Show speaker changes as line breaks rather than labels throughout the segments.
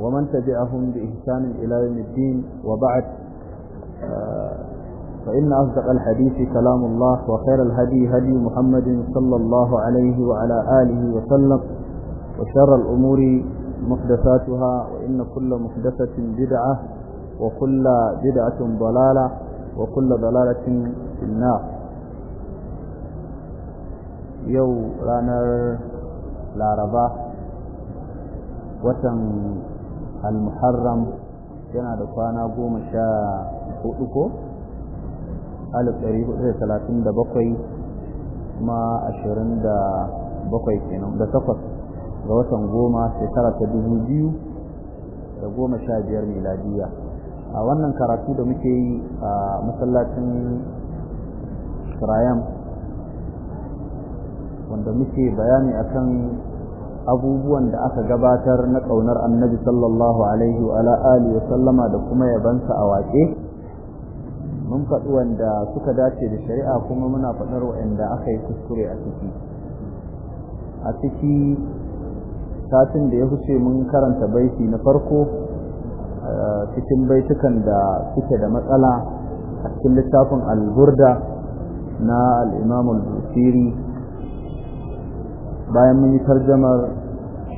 ومن تبعهم بإحسان إلى يوم الدين وبعد آه، فإن أصدق الحديث كلام الله وخير الهدي هدي محمد صلى الله عليه وعلى آله وسلم وشر الأمور محدثاتها وإن كل محدثة بدعة وكل بدعة ضلالة وكل ضلالة في النار يو رانر لاربا وتم al-muharram yana da kwana goma sha hudu ko alif ɗari hudu da talatin da bakwai kuma ashirin da bakwai kenan da takwas ga watan goma shekara ta dubu biyu da goma sha biyar miladiya a wannan karatu da muke yi a masallacin shirayen wanda muke bayani akan abubuwan da aka gabatar na ƙaunar annabi sallallahu alaihi wa alihi wa sallama da kuma yabansa a waƙe mun faɗi wanda suka dace da shari'a kuma muna faɗar wa'anda aka yi kuskure a ciki a ciki satin da ya huce mun karanta baiti na farko eh, cikin baitukan da suke da matsala a cikin littafin alburda na al'imamul busiri bayan mun yi tarjamar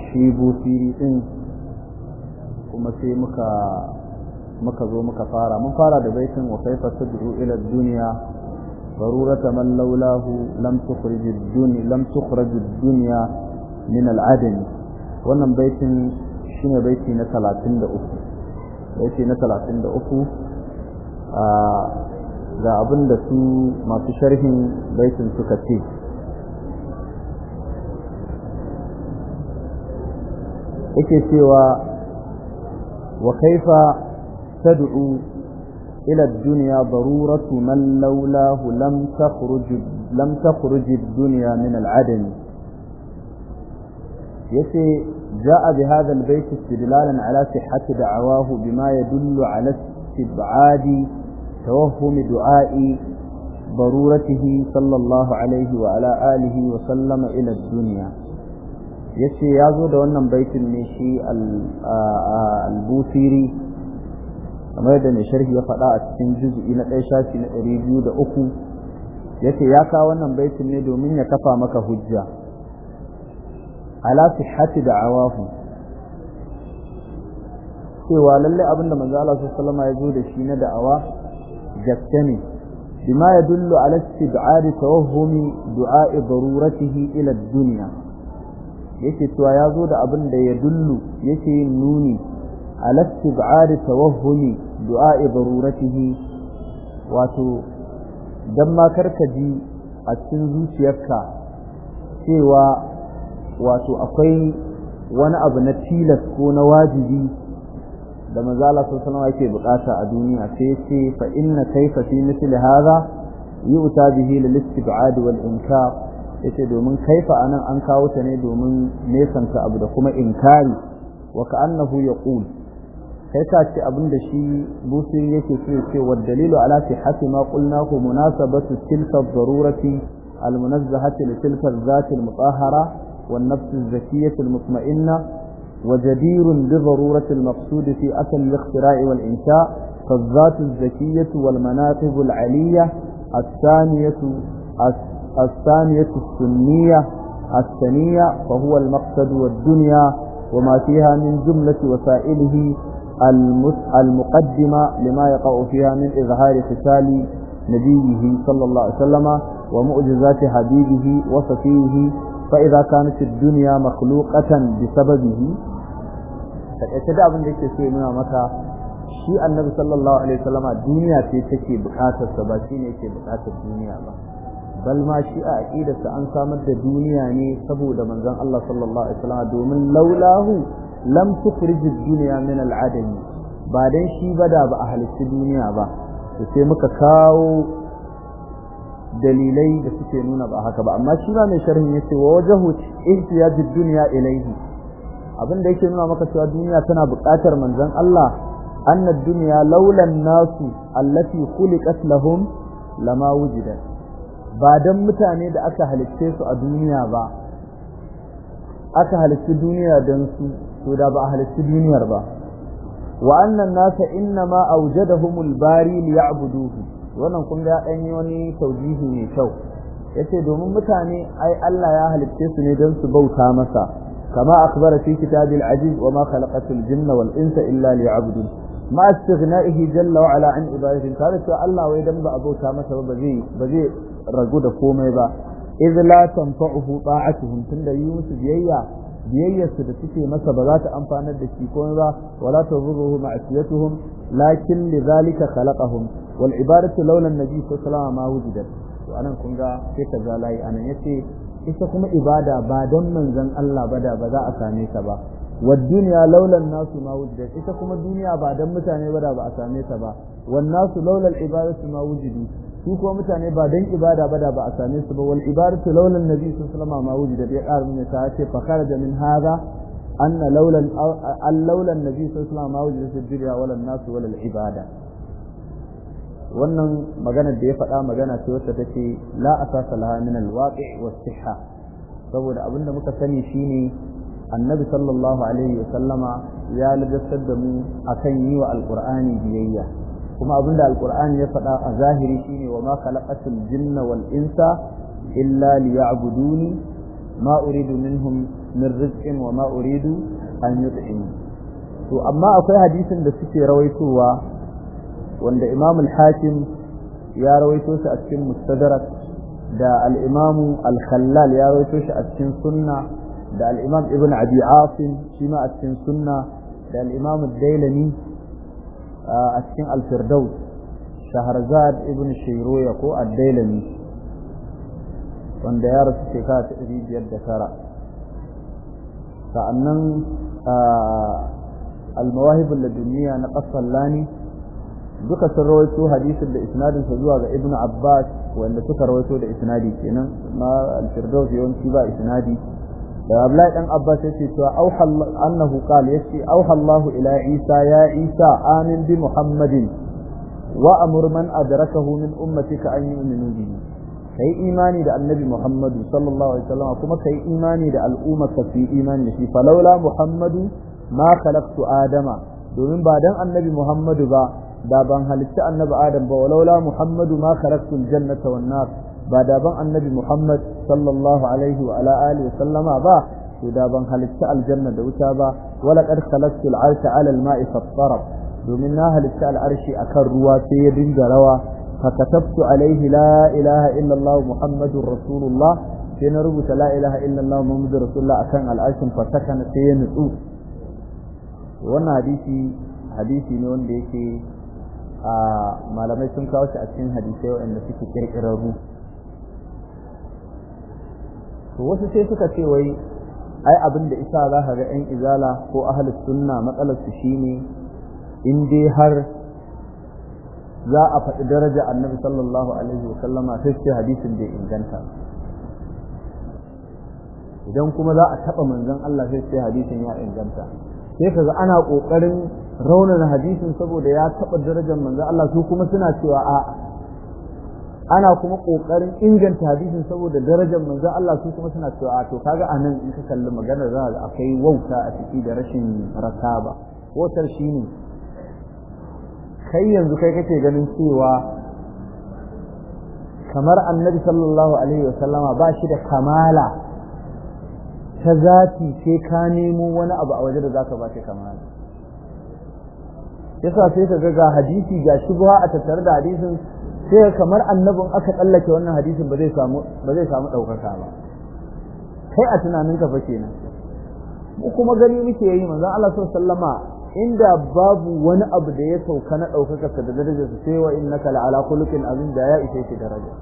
shi busiri din kuma sai muka muka zo muka fara mun fara da baitin wa kaifa tadru ila dunya darurata man laulahu lam tukhrij ad-dunya lam tukhrij ad-dunya min al-adam wannan baitin shine baiti na 33 baiti na 33 a ah, ga abinda su masu sharhin baitin suka ce yake cewa wa kaifa tad'u ila ad-dunya daruratu man lawlahu lam takhruj lam takhruj ad-dunya min al-adam yace jaa bi hadha al-bayt istidlalan ala sihhati da'awahu bima yadullu ala istib'adi توهم du'a'i ضرورته صلى الله عليه وعلى آله وسلم إلى الدنيا ya ce ya zo da wannan baitin ne shi albusiri kamar da mai sharhi ya faɗa a cikin juzu'i na ɗaya shafi na ɗari biyu da uku ya ce ya kawo wannan baitin ne domin ya kafa maka hujja ala sihhati da awafu cewa lallai abin da manzo Allah sallallahu ya zo da shi na da'awa gaske ne bima yadullu ala istib'ari tawahhumi du'a daruratihi ila ad-dunya yake cewa ya zo da abin da ya dullu yake yin nuni alatti ba'ari tawahumi du'a'i daruratihi wato dan ma ji a cikin zuciyarka cewa wato akwai wani abu na tilas ko na wajibi da manzo Allah sallallahu yake bukata a duniya sai yace fa inna kayfa fi mithli hadha yu'ta bihi lil istib'ad wal inkar yace domin kaifa anan an kawo ta ne domin nesanta abu da kuma inkari wa ka'annahu yaqul kai ka ce abin da shi busiri yake so ce wa dalilu ala sihhati ma ku munasabatu tilka ad-darurati al-munazzahati li tilka adh-dhati al-mutahhara wan-nafs adh-dhakiyyah al-mutma'inna وجدير بضرورة المقصود في أثر الاختراع والإنشاء فالذات الذكية والمناقب aliyya الثانية الثانية السنية الثانية فهو المقصد والدنيا وما فيها من جملة وسائله المقدمة لما يقع فيها من إظهار قتال نبيه صلى الله عليه وسلم ومؤجزات حبيبه وصفيه فإذا كانت الدنيا مخلوقة بسببه takaice da abin da yake so ya nuna maka shi annabi sallallahu alaihi wasallama duniya ce take bukatar sa ba shine yake bukatar duniya ba bal ma shi a aqidarsa an samar da duniya ne saboda manzon Allah sallallahu alaihi wasallam domin laulahu lam tukhrij ad-dunya min al-adam ba dan shi bada ba a halitta duniya ba to sai muka kawo dalilai da suke nuna ba haka ba amma shi ba mai sharhin yace wa wajhu ihtiyaj ad-dunya ilayhi abin da yake nuna maka cewa duniya tana buƙatar manzon Allah anna ad-dunya laula an-nasu allati khuliqat lahum lama wujidat ba don mutane da aka halicce su a duniya ba aka duniya don su to da ba a halicci duniyar ba wa'annan nasa inna ma aujadahumul bari liya'buduhu wannan kun ga dan wani taujihi mai kyau yace domin mutane ai Allah ya halicce su ne don su bauta masa kama akbara fi kitabil aziz wa ma khalaqatul jinna wal insa illa liya'budun ma istighnaihi jalla wa ala an ibadatin tare cewa Allah wai dan ba abota masa ba zai ragu da komai ba idh la tanfa'uhu ta'atuhum tunda yi musu biyayya biyayyarsu da suke masa ba za ta amfanar da shi komai ba wala tadurruhu ma'siyatuhum lakin lidhalika khalaqahum wal ibadatu laula an-nabi sallallahu alaihi wasallam ma wujidat to anan kun ga sai ka zalai anan yace Isa kuma ibada ba don manzon Allah ba da ba za a same ta ba والدنيا duniya laulan nasu وجدت wujidat kuma duniya ba dan mutane ba da ba a same ta ba wan nasu laulal ibadatu ma wujidu su kuma mutane ba dan ibada ba da ba a same su ba wal ibadatu laulan nabi sallallahu alaihi wasallam ma wujidat ya ƙara laulan wannan maganar da ya faɗa magana ce wacce take la asasa laha min alwaqi wa sihha saboda abinda muka sani shine annabi sallallahu alaihi wa sallama ya ladabtar da mu akan yi wa alqur'ani biyayya kuma abinda alkur'ani ya faɗa a zahiri shine wa ma khalaqatul jinna wal insa illa liya'buduni ma uridu minhum min rizqin wa ma uridu an yut'imu to amma akwai hadisin da suke rawaitowa wanda Imam al-Hakim ya rawaito shi a cikin Mustadrak da al-Imam al-Khallal ya rawaito shi a cikin Sunna da al'imam ibn abi asim shi ma a cikin sunna da al'imam dailami a cikin alfirdaus shaharzad ibn shairoya ko ad-dailami wanda ya rasu shekara ta ɗari biyar da tara sa'annan almawahibul duniya na ƙasar lani duka sun rawaito hadisin da isnadin sa zuwa ga ibnu abbas wanda suka rawaito da isnadi kenan ma al yawanci ba isnadi da Abdullahi dan Abbas yace to auha annahu qala yace auha Allahu ila Isa ya Isa amin bi Muhammadin wa amur man adrakahu min ummatika an yu'minu bihi kai imani da annabi Muhammadu sallallahu alaihi wasallam kuma kai imani da al'umma ka fi imani da fa falaula Muhammadu ma khalaqtu adama domin ba dan annabi Muhammadu ba da ban halitta annabi Adam ba walaula Muhammadu ma khalaqtu al-jannata wan nar ba daban annabi Muhammad sallallahu alaihi wa ala alihi sallama ba to daban ban halitta aljanna da wuta ba wala qad khalaqtu al'arsha 'ala al-ma'i fattarab domin na halitta al'arshi akan ruwa sai ya dinga rawa فكتبت عليه لا إله إلا الله محمد رسول الله سين ربط لا إله إلا الله محمد رسول الله أكان العشم فسكن سين سوء وانا حديثي حديثي نون ديكي آه ما لم يسنك وش أكين حديثي وإن فيك كيرك to wasu sai suka ce wai ai abin da isa za ka ga 'yan izala ko ahalus sunna matsalar su shine in dai har za a faɗi daraja annabi sallallahu alaihi wa sallama sai ce hadisin bai inganta idan kuma za a taɓa manzon Allah sai ce hadisin ya inganta sai kaga ana ƙoƙarin raunar hadisin saboda ya taɓa darajar manzon Allah su kuma suna cewa a ana kuma kokarin inganta hadisin saboda darajar manzo Allah su kuma suna cewa to kaga anan in ka kalli maganar za ka akwai wauta a ciki da rashin rakaba. rasaba shi ne. kai yanzu kai kake ganin cewa kamar annabi sallallahu alaihi wasallama ba shi da kamala ta zati sai ka nemo wani abu a waje da zaka ba shi kamala yasa sai ka ga hadisi ga shubha a tattare da hadisin sai kamar annabin aka tsallake wannan hadisin ba zai samu ba zai samu ba kai a tunaninka fa kenan mu kuma gani muke yi manzon Allah sallama inda babu wani abu da ya sauka na daukaka sa da daraja sa sai wa innaka la'ala khuluqin azim da ya ishe shi daraja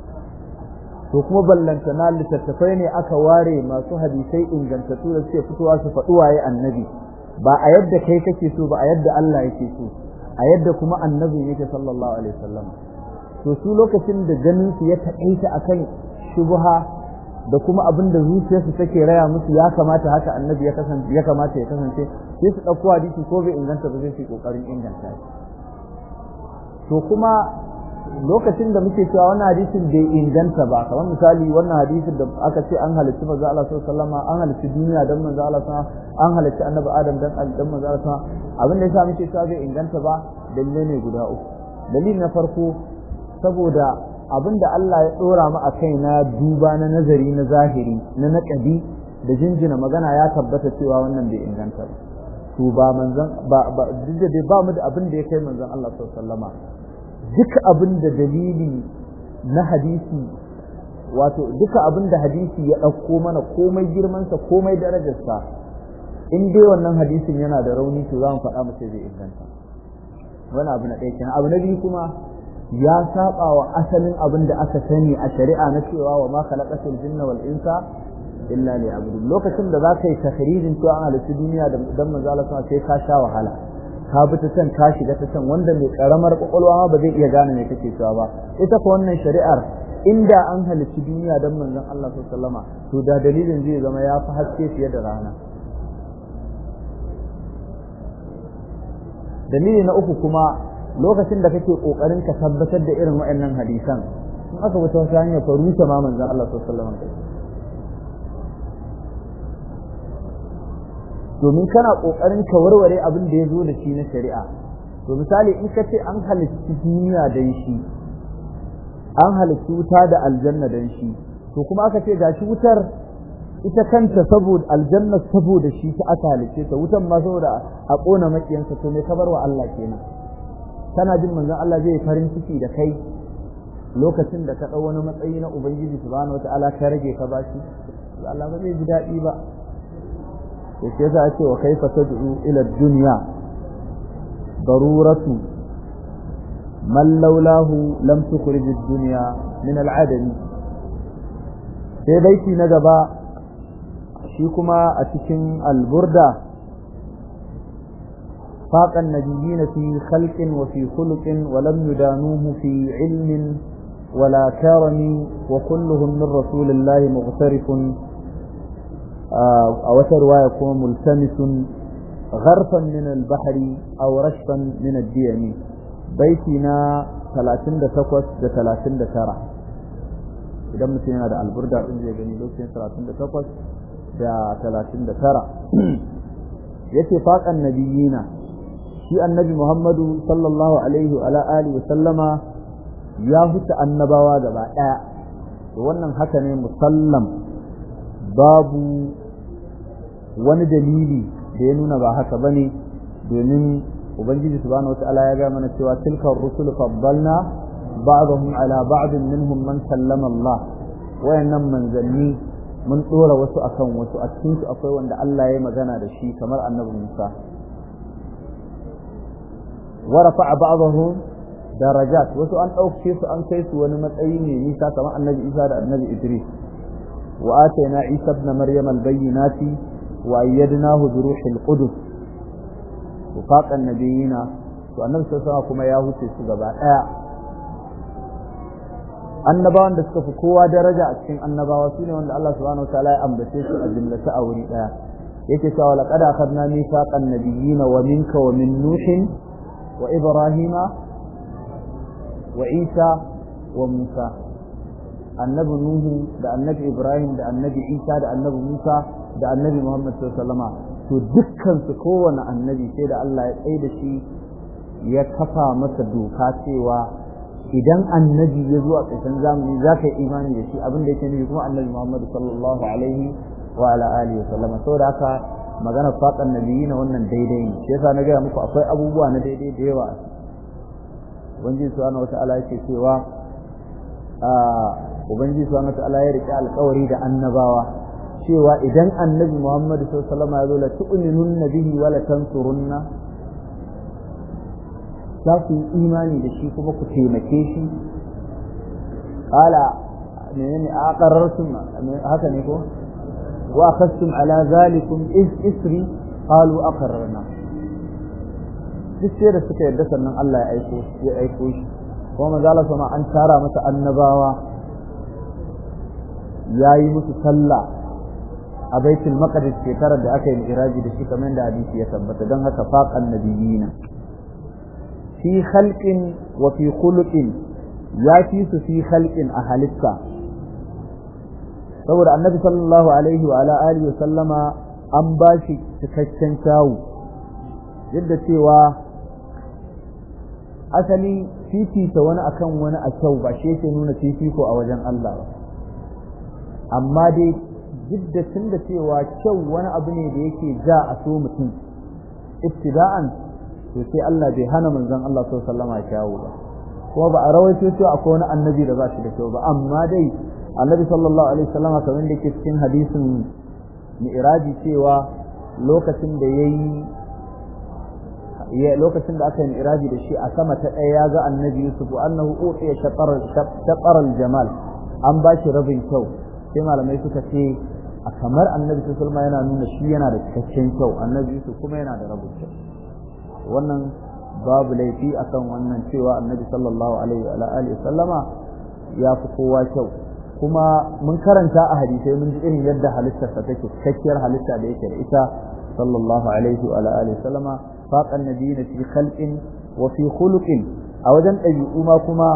to kuma ballanta na littattafai ne aka ware masu hadisai ingantattu da suke fitowa su faɗi waye annabi ba a yadda kai kake so ba a yadda Allah yake so a yadda kuma annabi yake sallallahu alaihi wasallam to su lokacin da ganinsu su ya a akan shubuha da kuma abin da zuciyarsu take raya musu ya kamata haka annabi ya kasance kamata ya kasance sai su ɗauko hadisi ko bai inganta ba zai su ƙoƙarin inganta shi to kuma lokacin da muke cewa wannan hadisin bai inganta ba kamar misali wannan hadisin da aka ce an halarci manzo Allah sallallahu alaihi an halarci duniya dan manzo Allah sallallahu an halarci annabi Adam dan dan manzo Allah sallallahu abin da yasa muke cewa bai inganta ba dalilai ne guda uku dalili na farko saboda abinda Allah ya dora mu a kai na duba na nazari na zahiri na naqadi da jinjina magana ya tabbata cewa wannan bai inganta ba to ba manzon ba duk da ba mu da abin da ya kai manzon Allah sallallahu alaihi duk abin da dalili na hadisi wato duka abin da hadisi ya dauko mana komai sa komai darajarsa in dai wannan hadisin yana da rauni to za mu faɗa mu sai zai inganta wani abu na ɗaya kenan abu na biyu kuma ya saba wa asalin abin da aka sani a shari'a na cewa wa ma khalaqatul jinna wal insa illa liya'budun lokacin da za ka yi tahrijin cewa an halittu duniya dan manzo Allah sai ka sha wahala ka bi ta can ka shiga ta can wanda mai karamar kwakwalwa ba zai iya gane me kake cewa ba ita ko wannan shari'ar inda an halittu duniya dan manzon Allah sallallahu alaihi to da dalilin zai zama ya fi haske fiye da rana dalili na uku kuma lokacin da kake kokarin ka tabbatar da irin waɗannan hadisan in aka wuce wata hanya ka rusa ma manzon Allah sallallahu alaihi domin kana kokarin ka warware abin da ya zo da shi na shari'a to misali in kace an halicci duniya dan shi an halicci wuta da aljanna dan shi to kuma aka ce gashi wutar ita kanta saboda aljanna saboda shi ta aka halicce ta wutan ma saboda a kona makiyansa to me kabarwa Allah kenan kana jin manzon Allah zai farin ciki da kai lokacin da ka ɗau wani matsayi na ubangiji subhanahu wataala ka rage ka bashi Allah ba zai ji daɗi ba yake a ake wa kaifa tad'u ila dunya daruratu man laulahu lam tukhrij ad-dunya min al-adam sai baiti na gaba shi kuma a cikin al-burda فاق النبيين في خلق وفي خلق ولم يدانوه في علم ولا كرم وكلهم من رسول الله مغترف أو رواية يكون ملتمس غرفا من البحر أو رشفا من الديم بيتنا 38 da 39 idan mutum yana da alburda din zai gani lokacin 38 da 39 yace faqan nabiyina shi annabi Muhammadu sallallahu alaihi ya huta annabawa gaba ɗaya. to wannan haka ne musallam babu wani dalili da ya nuna ba haka bane domin ubangiji subhanahu wataala ya ga na cewa tilkar rusul faddalna ba'dahum ala ba'd minhum man sallama Allah wayannan manzanni mun ɗora wasu akan wasu a cikinsu akwai wanda Allah ya magana da shi kamar annabi Musa wa rafa'a ba'dahum daraja wasu an dauke su an kai su wani matsayi ne nisa kamar annabi Isa da annabi Idris wa atayna Isa ibn Maryam al-bayyinati wa ayyadnahu bi ruhil qudus wafaqan nabiyina to annabi sallallahu kuma ya huce su gaba annabawan da suka fi kowa daraja a cikin annabawa ne wanda Allah subhanahu wataala ya ambace su a jumlata a wuri daya yake cewa laqad akhadna mithaqan nabiyina wa minka wa min nuhin وإبراهيم وعيسى وموسى النبي نوح ده النبي إبراهيم ده النبي عيسى ده النبي موسى ده النبي محمد صلى الله عليه وسلم to dukkan su kowane annabi sai da Allah ya tsaye da shi ya kafa masa doka cewa idan annabi ya zo a ƙarshen zamani za ka yi imani da shi abin da yake nufi kuma annabi Muhammad sallallahu alaihi wa ala alihi wa sallama saboda haka magana faɗan nabiyyi na wannan daidai ne shi yasa na gaya muku akwai abubuwa na daidai da yawa ubangiji subhanahu wata'ala yake cewa ah, ubangiji subhanahu wata'ala ya rike alƙawari da annabawa cewa idan annabi muhammadu sallallahu alaihi wasallam ya zo la tu'minunna bihi wa la tansurunna za ku imani da shi kuma ku taimake shi qala menene haka ne ko وأخذتم على ذلكم إذ إسري قالوا أقررنا duk sai da suka yarda sannan Allah ya aiko ya aiko shi kuma manzala sama an tara masa annabawa yayi musu sallah a baitul maqdis shekarar da aka yi miraji da shi kamar da hadisi ya tabbata don haka faqan nabiyina fi khalqin wa fi khuluqin ya fi su fi khalqin a halitta saboda annabi sallallahu alaihi wa ala alihi wa sallama an ba shi cikakken kyawu yadda cewa asali fifita wani akan wani a kyau ba shi yake nuna fifiko a wajen Allah ba amma dai duk tun da cewa kyau wani abu ne da yake ja a so mutum ibtida'an to sai Allah bai hana manzon Allah sallallahu alaihi wa sallama kyawu ba kuma ba a rawaito cewa akwai wani annabi da ba shi da kyau ba amma dai annabi sallallahu alaihi wasallam kamar da ke cikin hadisin mi'raji cewa lokacin da yayi lokacin da aka yi mi'raji da shi a sama ta ɗaya ya ga annabi Yusufu. annahu utiya shatar al-jamal an ba shi rabin kyau sai malamai suka ce a kamar annabi sallallahu yana nuna shi yana da cikakken kyau annabi yusuf kuma yana da rabin kyau wannan babu laifi akan wannan cewa annabi sallallahu alaihi wa alihi sallama ya fi kowa kyau kuma mun karanta a hadisai mun ji irin yadda halittarsa take cikakkiyar halitta da yake da ita sallallahu alaihi wa alihi sallama faqan nabiyina fi khalqin wa fi khuluqin a wajen ɗabi'u ma kuma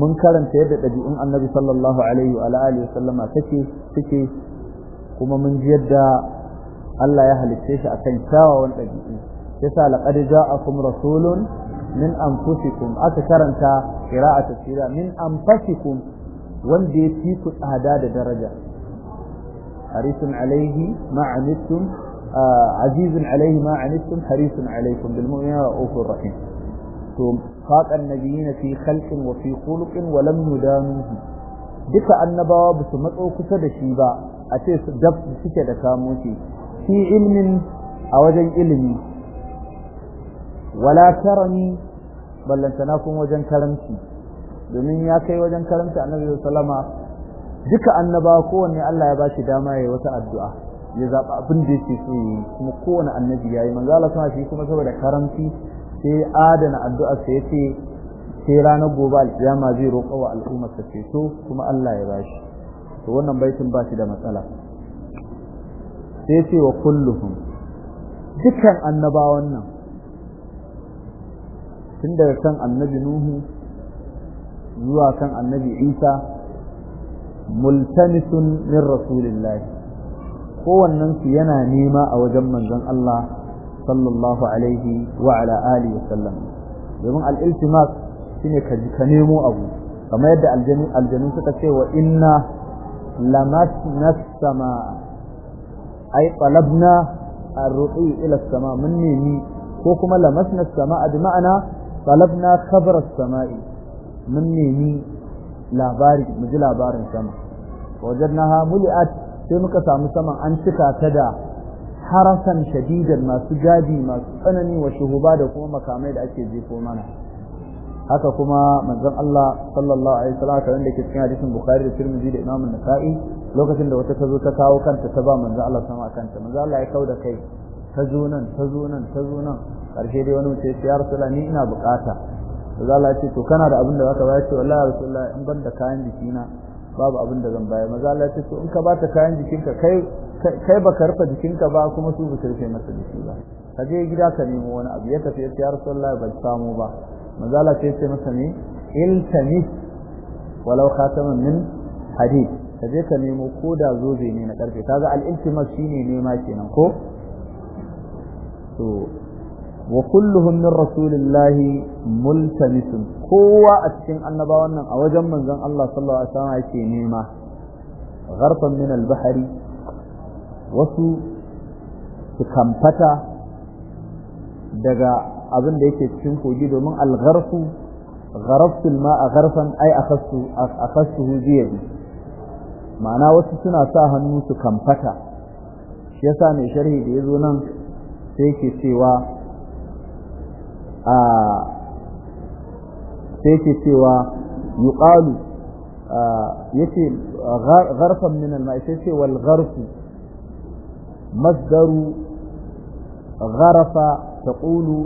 mun karanta yadda ɗabi'un annabi sallallahu alaihi wa alihi sallama take take kuma mun ji yadda Allah ya halicce shi akan kyawawan ɗabi'u yasa laqad ja'akum rasulun min anfusikum aka karanta qira'atu min anfusikum wanda ya fi ku tsada da daraja harisun alaihi ma'anittum azizun alaihi ma'anittum harisun alaikum bil mu'minina ra'ufur rahim to faqan nabiyina fi khalqin wa fi khuluqin wa lam yudanuhu duka annabawa ba su matso kusa da shi ba a ce su dab suke da kamo shi fi ilmin a wajen ilimi wala tarani ballantana kun wajen karanci domin ya kai wajen karanta annabi sallama duka annaba kowanne Allah ya bashi dama yayin wata addu'a ya zaba abin da yake so yi kuma kowanne annabi yayi manzo Allah sa shi kuma saboda karanti sai adana addu'a sai yace sai ranar gobe alkiyama zai roƙa wa al'ummar ta ceto kuma Allah ya bashi to wannan baitin ba shi da matsala sai yace wa kulluhum dukan annabawan nan tun daga kan annabi Nuhu zuwa kan annabi isa multamisun min rasulillahi kowannensu yana nema a wajen manzon Allah sallallahu alaihi wa ala alihi wasallam domin al-iltimas shine ka ka nemo abu kamar yadda aljanu aljanu suka ce wa inna lamasna as-samaa ay talabna ar ila as-samaa mun nemi ko kuma lamasna as-samaa bi ma'ana talabna khabara as-samaa'i mun nemi labari mu ji labarin sama wajen na muli'at sai muka samu saman an cika ta da harasan shadidan masu gadi masu tsanani wa shuhuba da kuma makamai da ake jefo mana haka kuma manzon Allah sallallahu alaihi wasallam kamar da ke cikin hadisin Bukhari da Tirmidhi da Imam Nasa'i lokacin da wata ta zo ta kawo kanta ta ba manzon Allah sama kanta manzon Allah ya kawo da kai ta zo nan ta zo nan ta zo nan karshe dai wani mutum ya rasu ni ina bukata manzo Allah ya ce to kana da abin da zaka bayar ce wallahi rasulullah in ban da kayan jikina babu abin da zan bayar maza Allah ya ce to in ka ba ta kayan jikinka kai kai baka rufe jikinka ba kuma su ba rufe masa jiki ba ka je gida ka nemo wani abu ya tafi ya rasulullah ban samu ba maza Allah ya ce masa ne iltamis walau khataman min hadid ka je ka nemo ko da zobe ne na karfe kaga al shi ne nema kenan ko wa kulluhum min rasulillahi multamisun kowa a cikin annabawan nan a wajen manzon Allah sallallahu alaihi wasallam yake nema gharfan min al-bahri wasu su kamfata daga abin da yake cikin kogi domin algharfu gharaftu al-ma'a gharfan ay akhassu akhassuhu bi yadi ma'ana wasu suna sa hannu su kamfata shi yasa mai sharhi da yazo nan sai yake cewa a sai ke cewa yuqalu yace gharfan min al-ma'i sai ce wal gharfu masdaru gharafa taqulu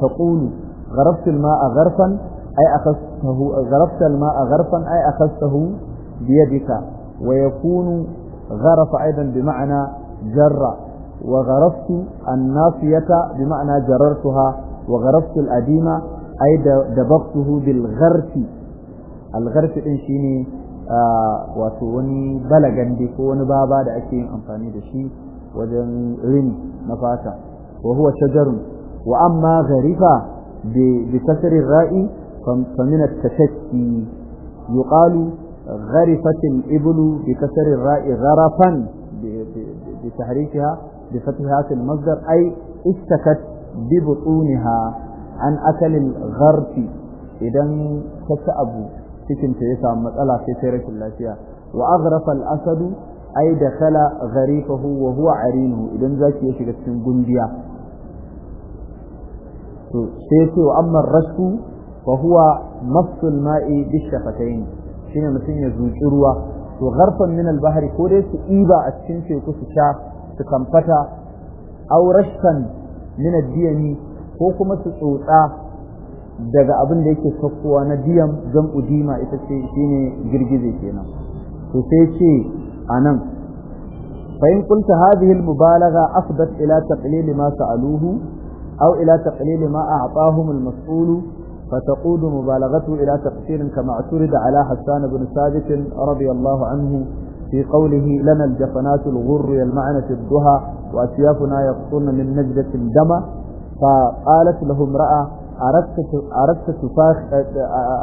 taqulu gharafta al-ma'a gharfan ay akhadtahu gharafta al-ma'a gharfan ay akhadtahu biyadika wa yakunu غرف أيضا بمعنى جر وغرفت الناصية بمعنى جررتها wa gharaftu al-adima ay da baqtuhu bil gharfi al-gharfi din shine wato wani balagandi ko wani baba da ake yin amfani da shi wajen rin na fata wa huwa shajarun wa amma gharifa bi kasri ra'i fa min at-tashakki yuqalu gharifat al-iblu bi kasri ra'i gharafan bi tahrikha bi fathaha al-masdar ay istakat Bibu butuniha an akalin gharfi idan ta abu cikin ta ya samu matsala sai ta rashin lafiya wa aghrafa al-asad ay dakhala gharifahu wa huwa arinu idan zaki ya shiga cikin gundiya to sai ce wa amma rasku fa huwa mafsul ma'i bi shafatayn shine mutun ya zuci ruwa to gharfan min al-bahri ko dai su iba a cikin teku su sha su kamfata aw rashkan min ad-diyami ko kuma su tsotsa daga abin da yake sakkowa na diyam zan udima ita ce shine girgize kenan to sai ce anan fa in kunta hadhihi al-mubalagha afdat ila taqlil ma sa'aluhu aw ila taqlil ma a'tahum al-mas'ul فتقود مبالغته إلى ila كما اعترض على ala بن ثابت رضي الله anhu في قوله لنا الجفنات الغر يلمعن في الدهى وأسيافنا يقصون من نجدة الدم فقالت له امرأة أردت,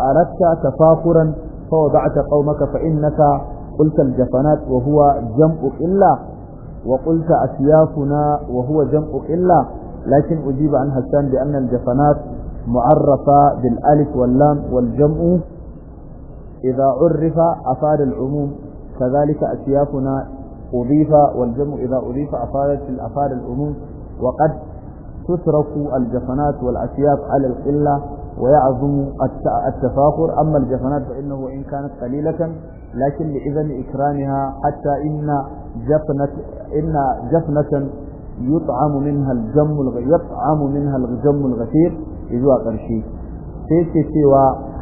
أردت تفاخرا فوضعت قومك فإنك قلت الجفنات وهو جمع إلا وقلت أسيافنا وهو جمع إلا لكن أجيب عن هسان بأن الجفنات معرفة بالألف واللام والجمع إذا عرف أفاد العموم وكذلك أسيافنا أضيف والجمع إذا أضيف أفادت الأفاد الأموم وقد تترك الجفنات والأسياف على القلة ويعظم التفاخر أما الجفنات فإنه وإن كانت قليلة لكن لإذن إكرامها حتى إن جفنة, إن جفنة يطعم منها الجم يطعم منها الجم الغفير إذ قرشي في سوى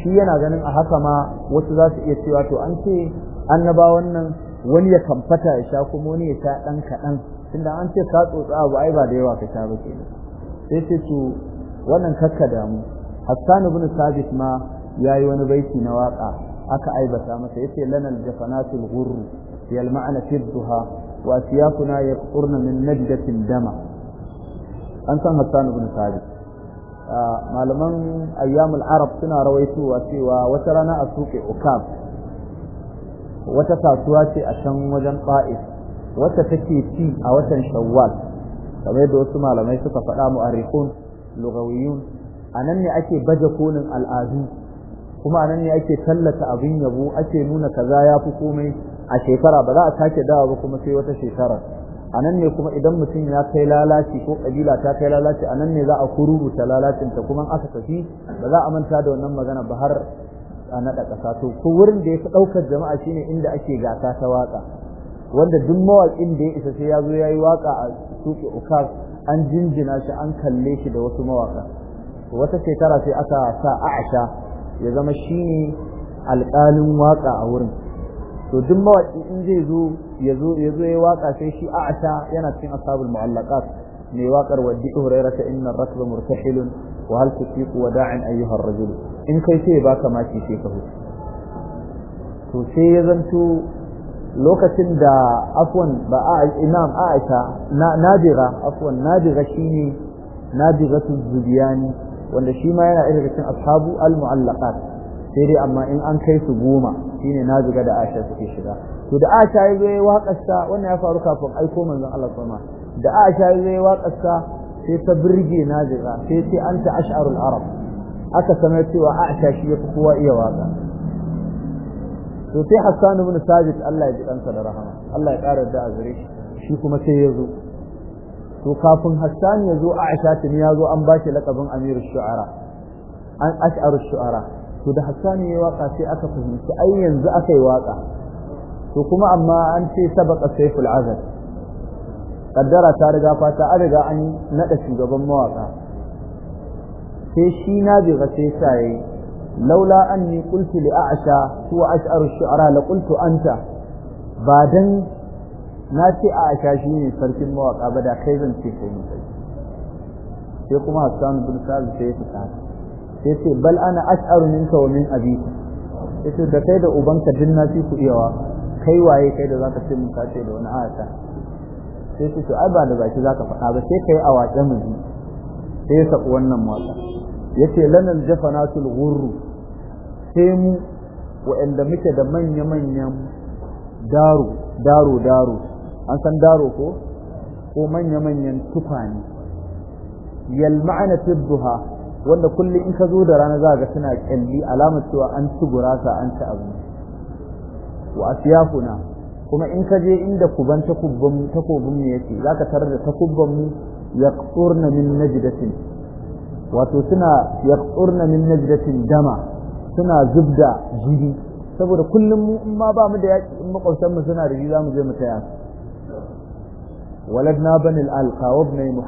shi yana ganin a haka ma wasu za su iya cewa to an ce annaba wannan wani ya kamfata ya sha kuma wani ya sha ɗan kaɗan tunda an ce ka tsotsa abu ai ba da yawa ka sha ba ke sai ce to wannan kakka damu hassan ibn sabit ma ya yi wani baiti na waka aka aibata masa yace lanal jafanatul ghurr yal ma'ana fidduha wa siyafuna yaqurna min najdatin dama an san hassan ibn sabit malaman ayyamul arab suna rawaitowa cewa wata rana a suke ukab wata kasuwa ce a can wajen fa'is wata take ci a watan shawwal kamar da wasu malamai suka faɗa mu mu'arrikhun a anan ne ake baje konin al'adu kuma anan ne ake tallata abin yabo ake nuna kaza ya fi komai a shekara ba za a sake dawa ba kuma sai wata shekara a nan ne kuma idan mutum ya kai lalaci ko kabila ta kai lalaci anan ne za a kururuta ta kuma aka tafi ba za a manta da wannan magana ba har a naɗa kasa to ko wurin da ya fi jama'a shine inda ake gasa ta waka wanda duk mawakin da ya isa sai ya zo ya yi waƙa a suke ukar an jinjina shi an kalle shi da wasu mawaka wata shekara sai aka sa aisha ya zama shine alƙalin waka a wurin to duk mawaki in zai zo yazo yazo ya waka sai shi a'ta yana cikin ashabul mu'allaqat mai wakar wadi hurairah ta innar rakba murtahilun wa hal tusiqu wada'an ayyuha ar-rajul in kai sai baka maki sai ka huta. to sai ya zanto lokacin da afwan ba imam a'isha nadira afwan nadira shine nadiratu zubiyani wanda shi ma yana irin cikin ashabu al-mu'allaqat sai dai amma in an kai su goma shine na ziga da Aisha suke shiga to da Aisha yazo yayi waƙarsa wannan ya faru kafin aiko manzon Allah sama da Aisha yazo yayi waƙarsa sai ta birge na ziga sai ce anta ash'arul arab aka sanar cewa Aisha shi yafi kowa iya waƙa to sai Hassan ibn Sabit Allah ya ji kansa da rahama Allah ya ƙara da azure shi kuma sai ya zo, to kafin Hassan ya yazo Aisha tuni zo an ba shi laqabin Amirul Shu'ara an ash'arul shu'ara to da hassani ya waka sai aka fahimci ai yanzu aka yi waka to kuma amma an ce sabaka saiful azab kaddara ta riga fata a riga an nada shugaban mawaka sai shi na bi ga sai sai laula anni qultu li a'sha huwa ash'aru shu'ara la qultu anta ba dan na ce a'sha shine sarkin mawaka ba da kai zan ce kai sai kuma hassan bin sa'id sai ya fita sai ce bal ana ash'aru minka wa min abi yace da kai da ubanka din na fi ku iyawa kai waye kai da zaka ce mun kace da wani ayata sai ce to ai ba da baki zaka faɗa ba sai kai a wace mu ji sai ya saku wannan mata yace lanal jafanatul ghurru sai mu wa'anda muke da manya manyan daro daro daro an san daro ko ko manya manyan tukwane yalma'ana tudduha wanda kullum in ka zo da rana za ga suna kyalli alamar cewa an ci gurasa an ci abu wa asiyafuna kuma in ka je inda kuban takubban takobin mu yake ka tarar da takubban mu yaqturna min najdatin wato suna yaqturna min najdatin dama suna zubda jiri saboda kullum mu in ma ba mu da yaki in makwabtan mu suna da za mu je mu taya su waladna banil alqa wa ibn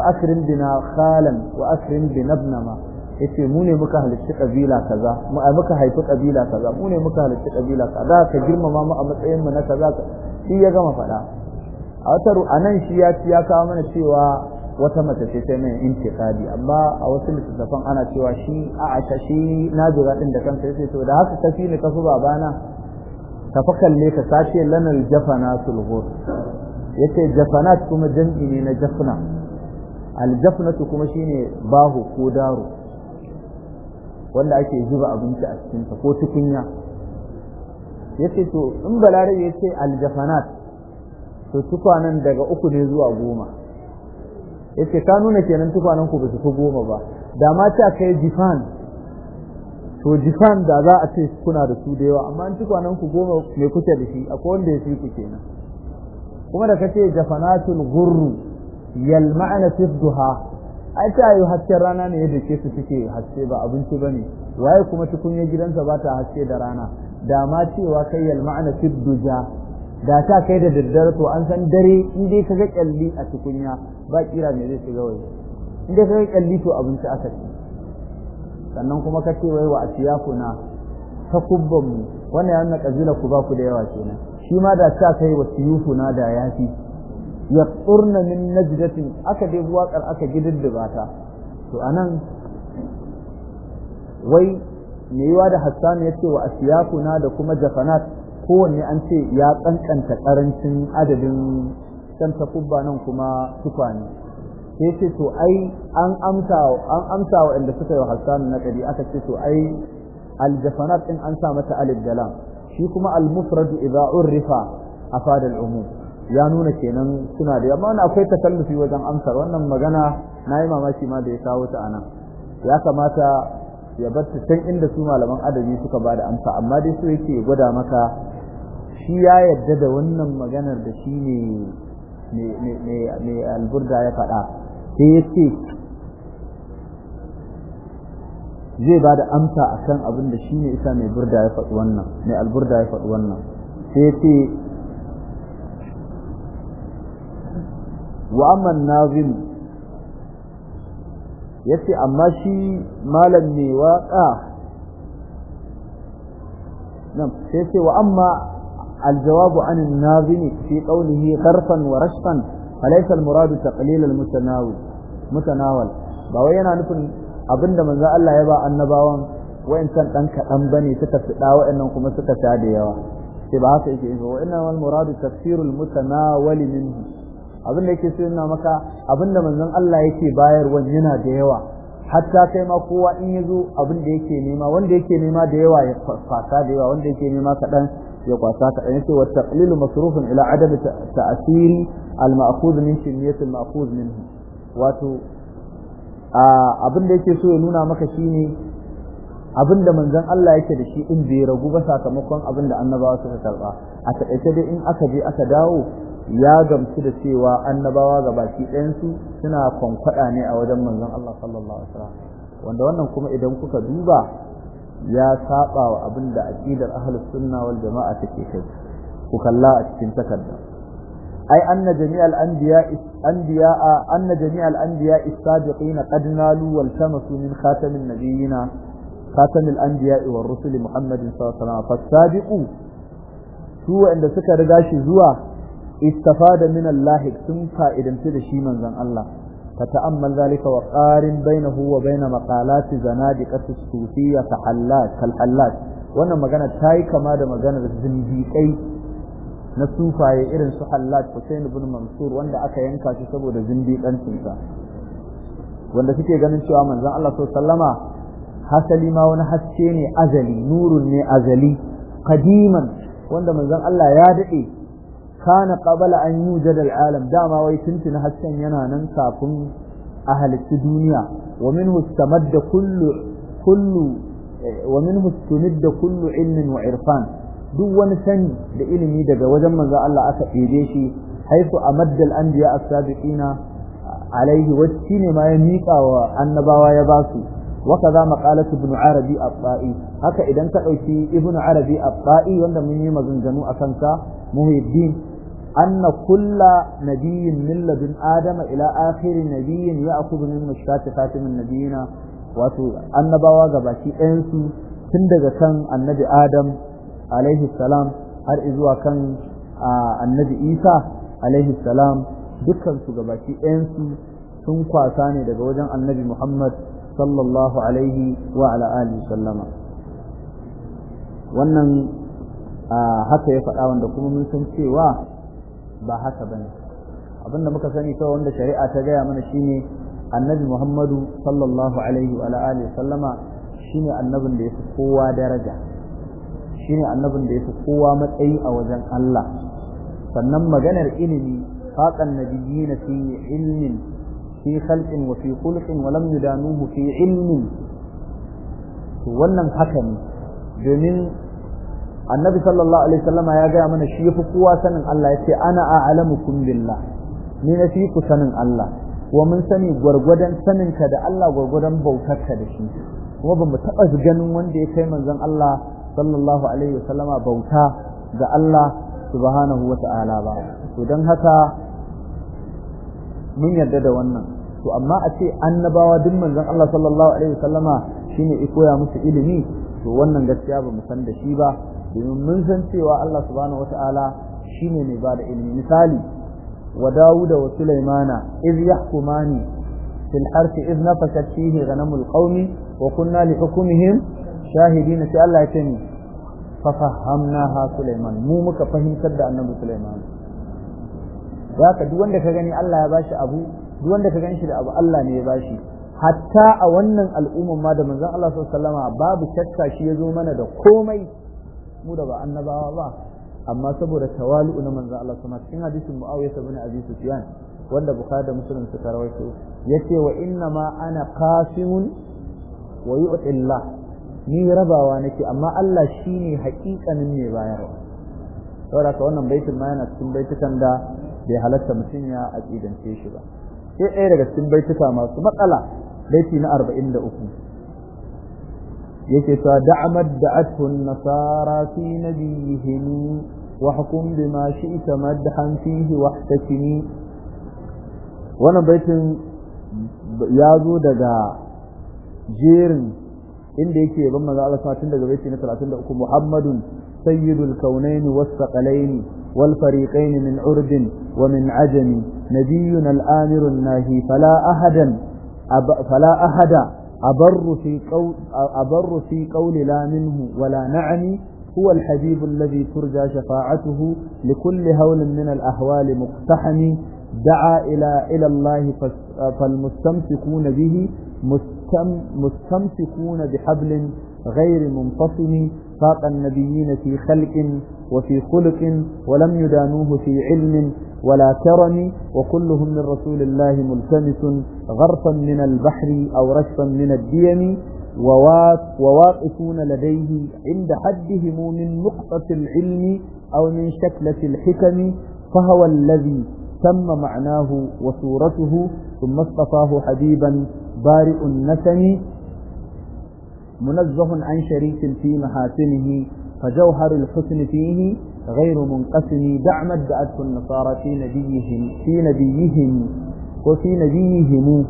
fa akrim bina khalan wa akrim bina ibnama yace mu ne muka kabila kaza haifi kabila kaza mu ne muka halicci kabila kaza ka girmama mu a matsayin mu na kaza shi ya gama fada a nan shi ya ci ya kawo mana cewa wata mace ce ta mai intiqadi amma a wasu littattafan ana cewa shi a'a aka shi nazira din da kansa yace to da haka kafi ne kafi babana ka fa kalle ka sace lanal jafana sulghur yace jafanat kuma jam'i ne na jafna aljafnatu kuma shine bahu ko daro wanda ake zuba abinci a cikinsa ko tukunya yace to in balare yace aljafanat to tukwanan daga uku ne zuwa goma yace ka nuna kenan tukwanan ku basu fi goma ba da ma ta kai jifan to jifan da za a ce kuna da su da yawa amma in tukwanan ku goma me kuke da shi akwai wanda ya fi ku kenan kuma da kace jafanatul gurru yalma'ana ma'ana duha ai yi hasken rana ne yadda ke su suke haske ba abinci ba ne waye kuma tukunyar gidansa ba ta haske da rana da ma cewa kai yalma'ana ma'ana duja da ta kai da daddare to an san dare in dai ka ga a tukunya ba kira me zai shiga waje in dai ka ga to abinci aka ci sannan kuma ka ce wai wa asiyakuna ta kubban mu wannan yana kazila ku ba ku da yawa kenan shi ma da ta kai wa siyufuna da yafi yaqurna min najdatin aka dai waƙar aka gididdiba ta to anan wai mai yiwa da Hassan ya ce wa asiyakuna da kuma jafanat kowanne an ce ya kankanta ƙarancin adadin can takubba nan kuma tukwane sai ce to ai an amsa an amsa suka yi wa Hassan na kadi aka ce to ai aljafanat ɗin an sa mata alif da shi kuma al-mufrad idza urifa afada umum ya nuna kenan suna da yamma na akwai takallufi wajen amsar wannan magana na yi mamaki ma da ya kawo ta anan ya kamata ya bar ta inda su malaman adabi suka ba da amsa amma dai su yake gwada maka shi ya yadda da wannan maganar da shi ne mai alburda ya faɗa sai zai ba da amsa akan abin da shi ne isa mai burda ya faɗi wannan mai alburda ya faɗi wannan sai wa amma ya yace amma shi malam ne waqa nam sai ce wa amma الجواب عن الناظم في قوله خرفا ورشفا فليس المراد تقليل المتناول ba wai yana nufin abinda manzo Allah ya ba annabawan wayancan dan kadan bane suka fida wayannan kuma suka ta da yawa sai ba haka yake ba wayannan wal muradu tafsirul mutanawali minhu abin da yake so yana maka abin da manzon Allah yake bayarwa yana da yawa hatta kai ma kowa in yazo abin da yake nema wanda yake nema da yawa ya fasa da yawa wanda yake nema kaɗan ya kwasa kaɗan yake wa taqlilu masrufin ila adami ta'asiri al ma'khudh min shimmiyat al ma'khudh minhu wato abin da yake so ya nuna maka shine abin da manzon Allah yake da shi in bai ragu ba sakamakon abin da annabawa suka karba a taƙaice dai in aka je aka dawo ya gamsu da cewa annabawa ga baki ɗayansu suna kwankwaɗa ne a wajen manzon Allah sallallahu alaihi wasallam wanda wannan kuma idan kuka duba ya saba wa abin da aqidar ahlus sunna wal jama'a take kai ku kalla a cikin takarda ai anna jami'al anbiya anbiya anna jami'al anbiya qad nalu wal tamasu min khatamin nabiyina khatamil anbiya war rusul muhammadin sallallahu alaihi wasallam su wanda suka riga shi zuwa istafada min Allah sun fa'idanci da shi manzon Allah ka ta'ammal zalika wa qarin bainahu wa bain maqalati zanadiqat as-sufiyya fahallat kalhallat wannan magana ta yi kama da maganar zindiƙai na sufaye irin su hallat Hussein ibn Mansur wanda aka yanka shi saboda zindiƙancinsa wanda suke ganin cewa manzon Allah sallama hasali ma wani haske ne azali nurun ne azali kadiman wanda manzon Allah ya dade kana qabala an yujad al'alam dama wai tuntuna hasken yana nan kafin a halitta duniya wa minhu stamadda kullu kullu eh, wa minhu kullu ilmin wa irfan duk wani sani da ilimi daga wajen manzo Allah aka ɗebe shi haifu amadda al-anbiya as-sabiqina alaihi wacce ne ma ya miƙa wa annabawa ya ba su وكذا مقالة ابن عربي الطائي هكا إذا انتقل في ابن عربي الطائي وانا من يمزن جنوء أسنسا مهي الدين أن كل نبي من لدن آدم إلى آخر نبي يأخذ من مشكاة خاتم النبيين wato annabawa gabaki ɗayansu tun daga kan annabi adam alaihi salam har zuwa kan annabi isa alaihi salam dukkansu gabaki ɗayansu sun kwasa ne daga wajen annabi muhammad sallallahu alaihi wa ala sallama wannan haka ya faɗa wanda kuma mun san cewa ba haka bane abinda muka sani kawai wanda shari'a ta gaya mana shine annabi Muhammadu sallallahu alaihi wa alihi sallama shine annabin da yafi kowa daraja shine annabin da yafi kowa matsayi a wajen Allah sannan maganar ilimi faqan nabiyina fi ilmin fi khalqin wa fi khulqin wa lam yudanuhu fi ilmin wannan haka ne domin annabi sallallahu alaihi wasallam ya gaya mana shi yafi kowa sanin Allah yace ana a'lamukum billah ni na fi ku sanin Allah wa mun sani gwargwadon ka da Allah bautar bautarka da shi kuma bamu taba ganin wanda ya kai manzon Allah sallallahu alaihi wasallama bauta ga Allah subhanahu wata'ala ba to dan haka mun yarda da wannan to amma a ce annabawa duk manzon Allah sallallahu alaihi wasallama shine ya musu ilimi to wannan gaskiya ba mu san da shi ba domin mun san cewa Allah subhanahu wata'ala shine mai bada ilimi misali wa Dawuda wa Sulaimana iz yahkumani fil harfi iz nafashat fihi ghanamul qaumi wa kunna li hukmihim shahidina sai Allah ya ce ni fa fahamnaha Sulaiman mu muka fahimtar da annabi Sulaiman zaka duk wanda ka gani Allah ya bashi abu duk wanda ka gani shi da abu Allah ne ya bashi hatta a wannan al'umma ma da manzon Allah sallallahu alaihi wasallama babu shakka shi ya zo mana da komai mu da ba annabawa ba amma saboda tawali'u na manzo Allah kuma cikin hadisin Muawiya ibn Abi Sufyan wanda Bukhari da Muslim suka rawaito yace wa inna ma ana qasimun wa yu'ti Allah ni rabawa nake amma Allah shine haƙiƙanin mai bayarwa saboda ka wannan baitin ma yana cikin baitukan da bai halatta mutum ya aqidance shi ba sai ɗaya daga cikin baituka masu matsala baiti na 43 yake cewa da'amad da'atun nasara fi nabiyihim wa hukum bima shi'ta madhan fihi wahtakimi wannan baitin ya zo daga jerin inda yake ban maza Allah tun daga baiti na 33 Muhammadun sayyidul kaunain was saqalain wal fariqain min urdin wa min ajami nabiyyun al amirun nahi fala ahadan fala ahada أبر في قول أبر في قول لا منه ولا نعني هو الحبيب الذي ترجى شفاعته لكل هول من الأهوال مقتحم دعا إلى إلى الله فالمستمسكون به مستمسكون بحبل غير منتصم فاق النبيين في خلق وفي خلق ولم يدانوه في علم ولا كرم وكلهم من رسول الله ملتمس غرفا من البحر أو رشفا من الديم وواقفون لديه عند حدهم من نقطة العلم أو من شكلة الحكم فهو الذي تم معناه وصورته ثم اصطفاه حبيبا بارئ النسم منزه عن شريك في محاسنه فجوهر الحسن فيه غير منقسم دع ما ادعته النصارى في نبيهم في نبيهم وفي نبيهم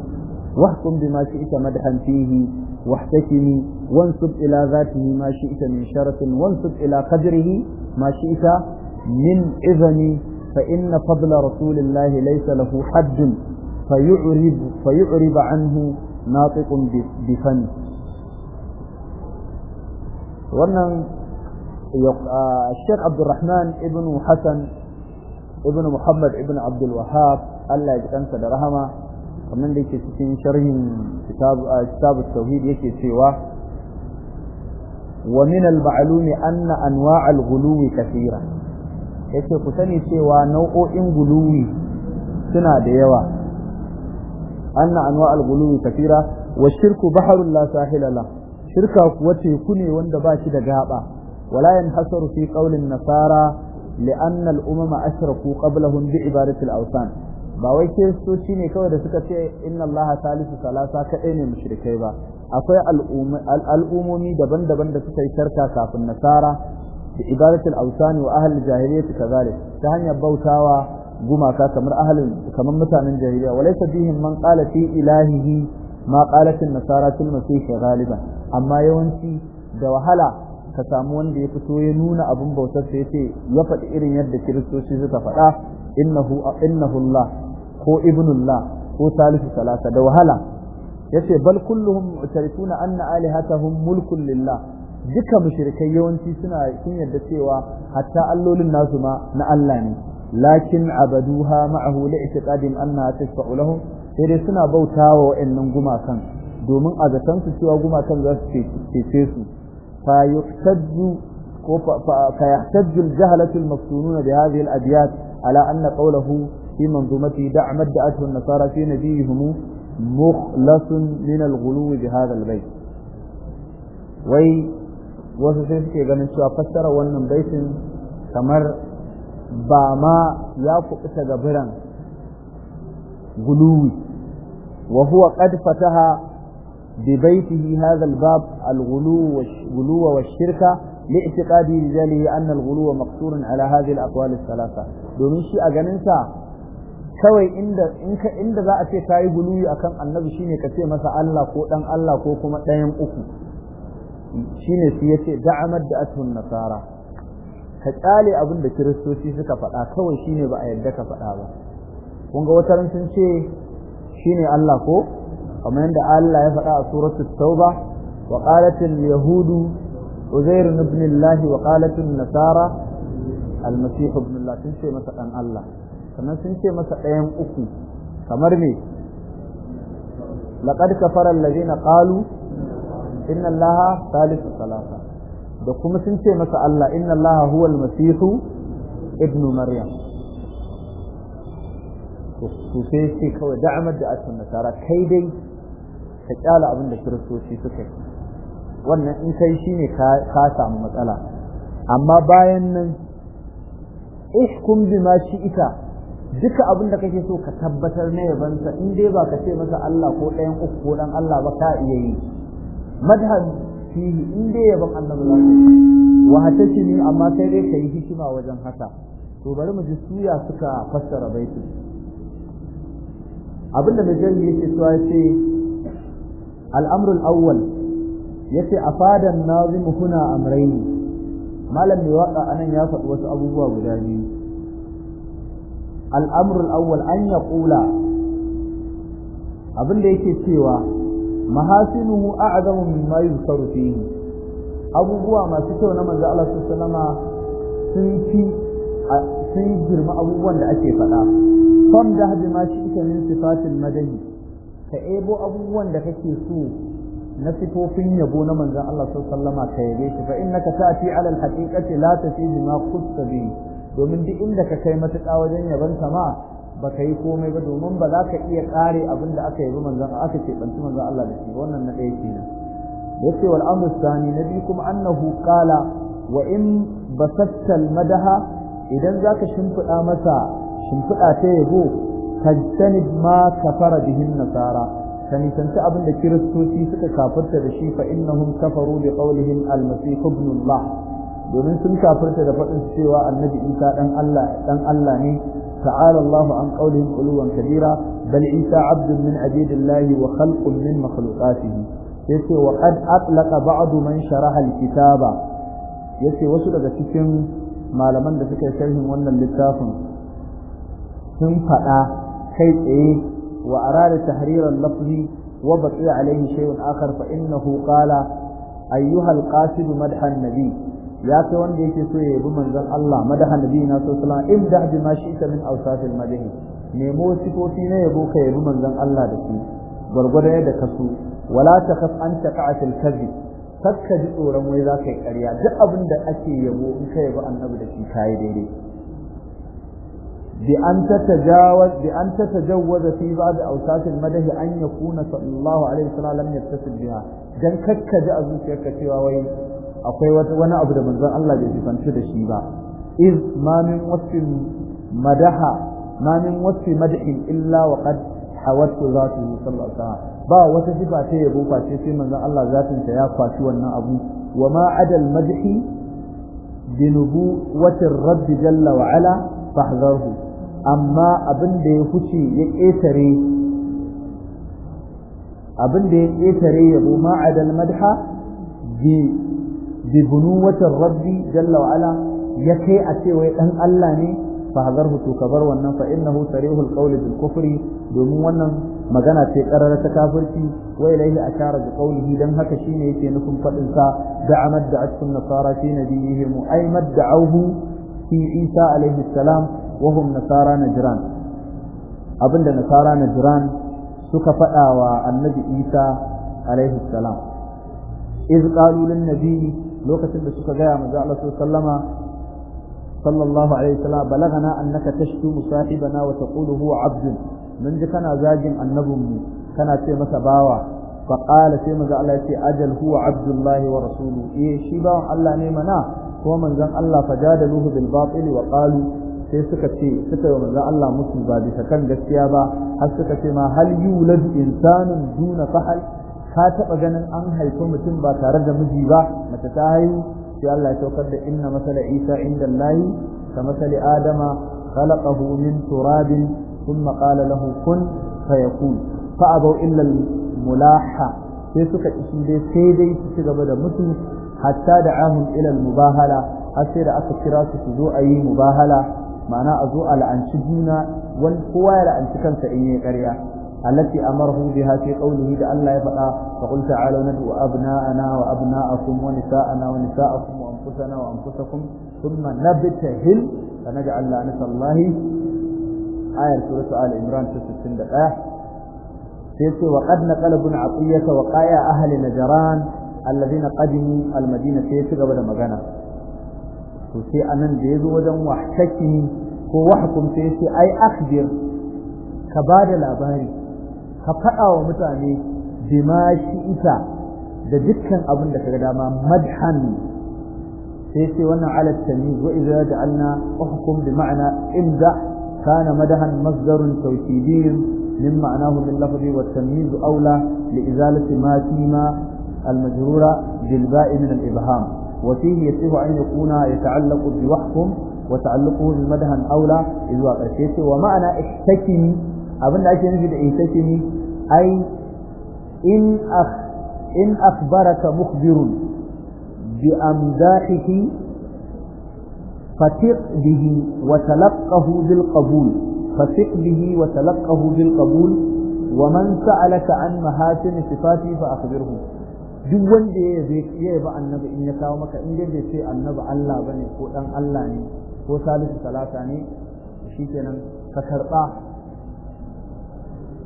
واحكم بما شئت مدحا فيه واحتكم وانسب إلى ذاته ما شئت من شرف وانسب إلى قدره ما شئت من إذن فإن فضل رسول الله ليس له حد فيعرب, فيعرب عنه ناطق بفن wannan Sheikh Abdulrahman ibn Hassan ibn Muhammad ibn Abdul Allah ya kansa da rahama kamar da yake cikin sharhin kitab tauhid yake cewa wa min al-ma'lumi anna anwa' al-ghuluwi kathira yace ku sani cewa nau'o'in guluwi suna da yawa anna anwa' al-ghuluwi kathira wa shirku bahrun la sahila lahu shirka kuwa teku ne wanda ba shi da gaba wala hasaru fi qawlin nasara li'an al-umama ashraku qablahum bi ibadati al-awsan ba wai kiristoci ne kawai da suka ce inna allaha salisu salasa kadai ne mushrikai ba akwai al'umomi daban-daban da suka yi shirka kafin nasara da ibadatul awsan wa ahli jahiliyyah kazalik ta hanyar bautawa gumaka kamar ahlin kamar mutanen jahiliya walaysa bihim man qala fi ilahihi ma qalat an-nasara fil masih ghaliban amma yawanci da wahala ka samu wanda ya fito ya nuna abin bautar sa yace ya faɗi irin yadda kiristoci suka faɗa innahu innahu Allah ko ibnullah ko salisu salasa da wahala yace bal kulluhum mu'tarifuna anna alihatahum mulkun lillah duka mushrikai yawanci suna sun yadda cewa hatta allolin nasu ma na Allah ne lakin abaduha ma'ahu li'tiqadin annaha tashfa'u lahum sai dai suna bautawa wa'annan gumakan domin a zaton su cewa gumakan za su cece su fa yuhtajju ko fa yahtajju al-jahlatu al-maftunun bi hadhihi al-abyat ala anna qawluhu fi manzumati da madda'atu an-nasara fi nabiyihim mukhlasun min al-ghuluw bi hadha al-bayt wai wasu sai suke ganin cewa fassara wannan baitin kamar ba ma ya kuɓuta gabiran guluwi wa huwa qad fataha ببيته هذا الباب الغلو والغلو والشركة لاعتقاد رجاله أن الغلو مقصور على هذه الأقوال الثلاثة domin shi a ganinsa kawai inda za a ce kayi guluyi akan annabi shine ka ce masa Allah ko dan Allah ko kuma ɗayan uku shine su yace da'amad da atun nasara ka tsale abin da kiristoci suka faɗa kawai shine ba a yadda ka faɗa ba kun ga wataran sun ce shine Allah ko kamar yadda Allah ya faɗa a suratu tauba wa qalatil yahudu uzair ibn Allah wa qalatil nasara al-masih ibn Allah sun ce masa dan Allah sannan sun ce masa ɗayan uku kamar me laqad kafara allazina qalu inna allaha salisu salasa da kuma sun ce masa Allah inna allaha huwa al-masihu ibn maryam to sai ce kawai da'amar da asun nasara kai dai ka kyala abin da kiristoci suka yi wannan in kai shine ka samu matsala amma bayan nan bi ma shi ita duka abin da kake so ka tabbatar na yabansa in dai ba ka ce masa Allah ko ɗayan uku ko ɗan Allah ba ka iya yi madhab fihi in dai yaban annabi za ka wa hatashi ne amma sai dai yi hikima wajen haka to bari mu ji suya suka fassara baiti abinda da yake cewa sai al'amrul awwal yace afadan nazim huna amrayni malam mai waka anan ya faɗi wasu abubuwa guda biyu al'amrul awwal an yaqula abinda yake cewa mahasinuhu a'zamu mimma yuzkaru fihi abubuwa masu kyau na manzo Allah sallama sun sun girma abubuwan da ake faɗa fam da hadi ma shi ita min sifatil madani ka ebo abubuwan da kake so na sifofin yabo na manzan Allah sallallahu alaihi ka yabe shi fa innaka ta'ti 'ala al-haqiqati la tafihi ma khussa bi domin duk inda ka kai matuka wajen yaban ma baka yi komai ba domin ba za ka iya kare abin da aka yabi manzon aka ce banci manzan Allah da shi wannan na ɗaya kenan yace wal amru thani nabi kuma annahu qala wa in basatta al madaha idan zaka shimfida masa shimfida ta yabo fajtanib ma kafara bihin nasara ka abin da kiristoci suka kafarta da shi fa innahum kafaru bi qawlihim al-masih ibn Allah domin sun kafarta da faɗin cewa annabi Isa dan Allah dan Allah ne ta'ala Allah an qawlihim quluwan kabira bal Isa abdun min abidillahi wa khalqun min makhluqatihi yace wa qad atlaqa ba'd man sharaha al-kitaba yace wasu daga cikin malaman da suka sharhin wannan littafin sun faɗa kai tsaye wa arada tahriran lafzi wa baqi alaihi shay'un akhar in innahu qala ayyuha alqasid madhan nabi ya kai wanda yake so ya yabi manzon Allah madahan nabi na sallallahu alaihi wasallam imdah bima shi'ta min awsafil madhi nemo sifofi na yabo ka ya yabi manzon Allah da su gurgurda da kasu, so wala takhaf an taqa'a fil kadhib kakka ji tsoron wai za ka yi ƙarya duk abin da ake yabo in ka yabo annabi da shi kayi daidai بأن تتجاوز بأن تتجوز في بعض أوساط المده أن يكون صلى الله عليه وسلم لم يتصل بها dan kakkaji a zuciyarka cewa wai akwai wani abu da manzon Allah bai sifanci da shi ba iz ma min wasfi madhin illa wa qad hawatu zatuhu sallallahu alaihi ba wata sifa ya yabo face sai manzon Allah zatinsa ya kwashi wannan abu wa ma adal madhi bi nubuwatir rabb jalla wa ala fahdharhu amma abin da ya huce ya ƙetare abin da ya ƙetare yabo ma'adal madha bi bunuwatar rabbi jalla wa'ala ya kai a cewa ɗan Allah ne fa hazarhu to ka bar wannan fa innahu sarihul qawli bil kufri domin wannan magana ce karara ta kafirci wa ilaihi ashara bi qawlihi dan haka shine yake nufin faɗin sa da amad da asfun nasara ai nabiyihim da madda'uhu في عيسى عليه السلام وهم نصارى نجران أبن نصارى نجران سكفأ والنبي عيسى عليه السلام إذ قالوا للنبي لو كتب سكفاء مزاع الله سلم صلى الله عليه وسلم بلغنا أنك تشتم صاحبنا وتقول هو عبد من ذكنا زاجم النبي كان تيمس باوع فقال سيما ذا الله يتي أجل هو عبد Allah ne mana شبا manzan Allah fa jada ذا الله فجادلوه wa وقالوا sai suka ce suka yi manzan Allah musu ba bisa kan gaskiya ba har suka ce ma hal yulad insanun duna fahal ka taɓa ganin an haifi mutum ba tare da miji ba mace ta haihu sai Allah ya saukar da inna masala Isa inda Allah ka masali Adama khalaqahu min turabin thumma qala lahu kun fayakun fa abaw illa mulaha sai suka ishi dai sai dai su ci gaba da mutu hatta da ahun ilal mubahala har sai da aka kira su su zo a yi mubahala ma'ana a zo a la'anci juna wani kowa ya la'anci kansa in yi ƙarya التي أمره بها في قوله لئلا يبقى فقل تعالوا ندعو أبناءنا وأبناءكم ونساءنا ونساءكم وأنفسنا وأنفسكم ثم نبتهل فنجعل لعنة الله آية سورة آل عمران 66 sai ce wa ƙad na ƙalabin aƙiyyata wa ƙaya ahali na jaran allazina ƙadimu almadina sai ci gaba da magana sosai sai a nan da ya zo wajen wahtaki ko wahkum sai ya ce ai akhbir ka ba da labari ka faɗa wa mutane bima shi ita da dukkan abin da ka ga dama madhan sai ce wannan ala tamiz wa idza ja'alna uhkum bi ma'na inda kana madhan mazdarun tawkidiyyan من معناه باللفظ والتمييز أولى لإزالة ما فيما المجرورة بالباء من الإبهام وفيه يصح أن يكون يتعلق بوحكم وتعلقه بالمدهن أولى إذ وقعته ومعنى احتكمي أبن أشياء نجد احتكمي أي إن أخ إن أخبرك مخبر بأمداحه فثق به وتلقه بالقبول فثق به وتلقه بالقبول ومن سألك عن محاسن صفاته فأخبره duk wanda ya zai ba annabi in ya kawo maka in dai ce annabi Allah bane ko dan Allah ne ko salisu salata ne shikenan ka karba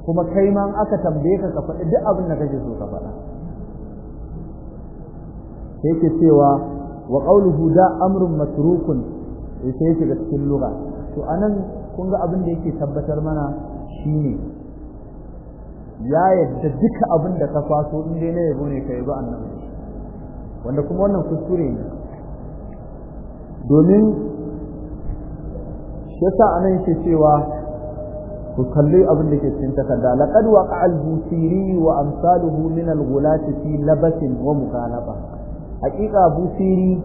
kuma kai ma aka tambaye ka ka faɗi duk abin da kake so ka faɗa sai yake cewa wa qawluhu da amrun masrukun sai yake ga cikin lugha to anan kun ga abin da yake tabbatar mana shine ya yadda duka abin da ka faso in dai na yabo ne ka yabo annabi wanda kuma wannan kuskure ne domin shi yasa anan ke cewa ku kalli abin da ke cikin takarda laqad waqa al-busiri wa amsaluhu min al-ghulati fi labatin wa mughalafa haqiqa busiri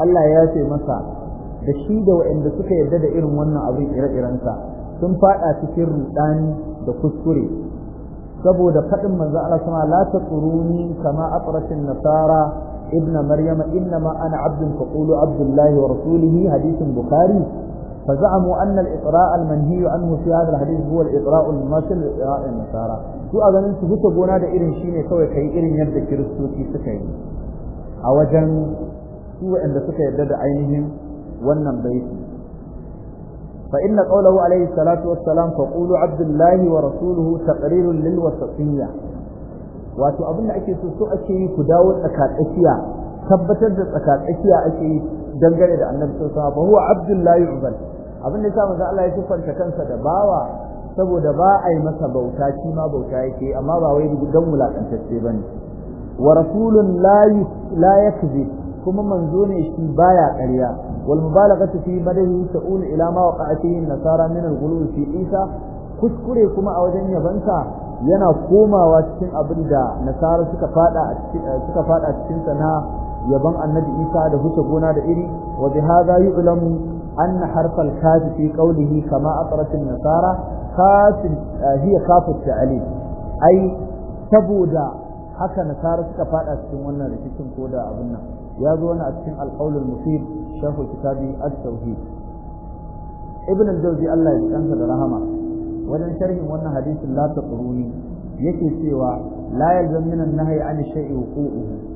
Allah ya ce masa da shi da waɗanda suka yarda da irin wannan abin ire-irensa sun faɗa cikin rudani da kuskure saboda faɗin manzo Allah sama la kama aqrashin nasara ibn Maryama, inna ma ana abdun faqulu abdullahi wa rasulihi hadithun bukhari فزعموا أن الإقراء المنهي عنه في هذا الحديث هو الإقراء المماثل لإقراء النصارى su a ganin su huta gona da irin shi ne kawai kai irin yadda kiristoci suka yi a wajen su waɗanda suka yarda da ainihin wannan baiti fa inna qawluhu alayhi salatu wassalam fa qulu abdullahi wa rasuluhu lil wato abin da ake so so ake yi ku dawo tsakatsakiya tabbatar da tsakatsakiya ake yi dangane da annabi sallallahu alaihi wasallam huwa abdullahi ubal abin da yasa manzo Allah ya sifanta kansa da bawa saboda ba a yi masa bauta shi ma bauta yake amma ba wai dan wulakantacce bane wa rasulun la la yakzib kuma manzo ne shi baya ƙarya wal mubalaghatu fi madahi ta'ul ila ma waqa'a nasara min al-ghulul fi isa kuskure kuma a wajen yabansa yana komawa cikin abin da nasara suka fada eh, suka fada cikin sa na yaban annabi isa da huce gona da iri wa bi hadha yu'lamu anna harf al-kaf fi qawlihi kama aqrat an-nasara kafin eh, hiya khaf at-ta'lil ai saboda haka nasara suka fada cikin wannan rikicin ko da abin nan ya zo wani a cikin alƙaulul musib shafin kitabi at-tauhid ibn al-jawzi Allah ya kansa da rahama wajen sharhin wannan hadisin la taqruni yake cewa la yalzam min an-nahyi an shay'i wuqu'uhu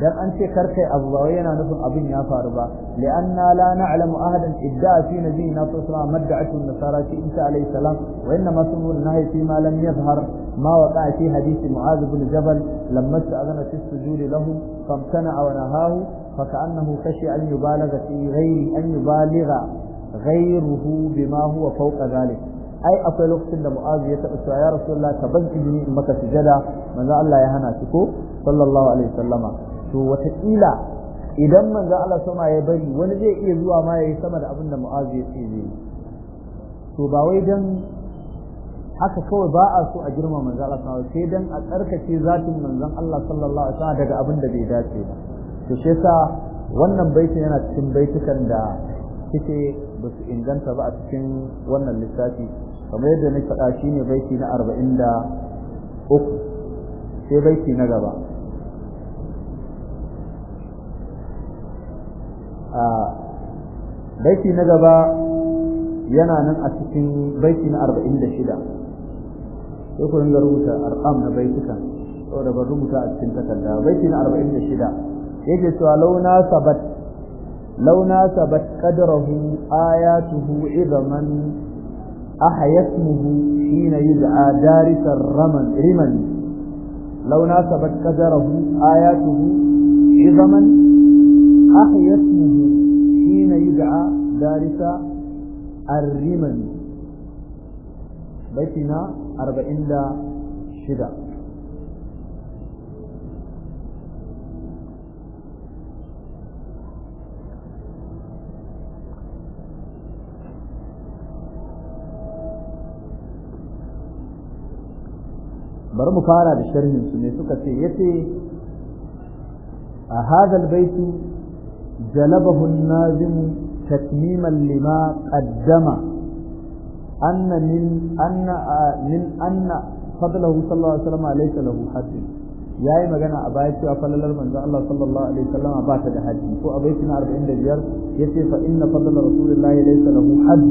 dan an ce karkai abu ba wai yana nufin abin ya faru ba li'anna la na'lamu ahadan idda'a fi nabiyina sallallahu alaihi wasallam madda'atu nasara fi isa alayhi salam wa inna ma sunu nahy fi ma lam yadhhar ma waqa'a fi hadith mu'adh ibn jabal lamma sta'adana fi sujudi lahu famtana'a wa nahahu fa ka'annahu khashi'a an yubalagha fi ghayri an yubalagha ghayruhu bima huwa fawqa dhalik ai akwai lokacin da mu'azu ya taɓa cewa ya rasu rasulullah ka ban ibni in maka sujada manzo Allah ya hana shi ko sallallahu alaihi wasallama to wataƙila idan manzo Allah sama ya bari wani zai iya zuwa ma yayi sama da abin da Mu'azu ya ce zai to ba wai dan haka kawai ba a so a girma manzo Allah sama sai dan a tsarkake zatin manzon Allah sallallahu alaihi wasallam daga abin da bai dace ba to shi yasa wannan baiti yana cikin baitukan da kike ba su inganta ba a cikin wannan lissafi kamar yadda na faɗa shine baiti na 43 sai baiti na gaba baiti na gaba yana nan a cikin baiti na 46 sai ku ringa rubuta arqam na baituka saboda ban rubuta a cikin takarda baiti na 46 yake cewa launa sabat launa sabat qadrahu ayatuhu idaman ahya ismuhu hina yuz'a darisar raman riman launa sabat qadrahu ayatuhu idaman أحيا اسمه حين يدعى دارس الرمن بيتنا أربعين دا شدة bari mu fara da sharhin su ne suka ce yace a hadal baiti جلبه النازم تتميما لما قدم أن من أن من أن فضله صلى الله عليه وسلم ليس له حد yayi magana a baya cewa falalar manzo ko a baiti na 45 yace fa inna fadla rasulillahi laysa lahu hadd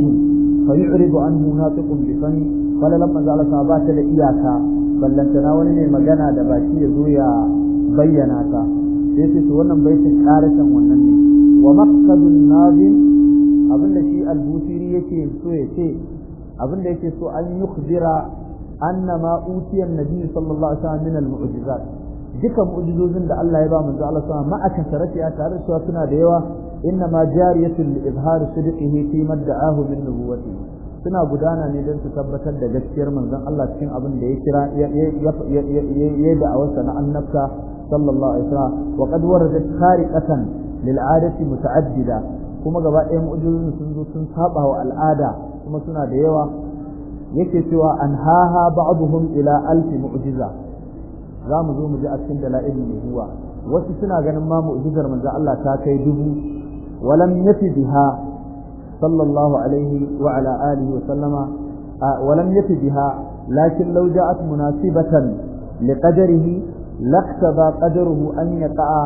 fa yu'ridu anhu natiqun da iyaka ballantana wani ne magana da baki ya bayyana wannan wa maqsadun nazim abinda shi al-busiri yake so yace ce abinda yake so an yukhbira anna ma utiya an-nabi sallallahu alaihi wasallam min al-mu'jizat duka mu'jizozin da Allah ya ba manzo Allah sallallahu alaihi wasallam ma'a tare da cewa suna da yawa inna ma jariyatul izhar sidqihi fi madda'ahu min nubuwwatihi suna gudana ne don su tabbatar da gaskiyar manzon Allah cikin abin da ya kira ya da'awarsa na annabta sallallahu alaihi wasallam wa qad waradat khariqatan lil'adati muta'addida kuma gaba ɗaya mu'jizun sun zo sun saba wa al'ada kuma suna da yawa yake cewa an haha ba'dhum ila alfi mu'jiza za mu zo mu ji a cikin dala'ilin nubuwa wasu suna ganin ma mu'jizar manzo Allah ta kai dubu walam yafi biha sallallahu alaihi wa ala alihi wa sallama walam yafi biha lakin law ja'at munasibatan liqadarihi laqtaba qadaruhu an yata'a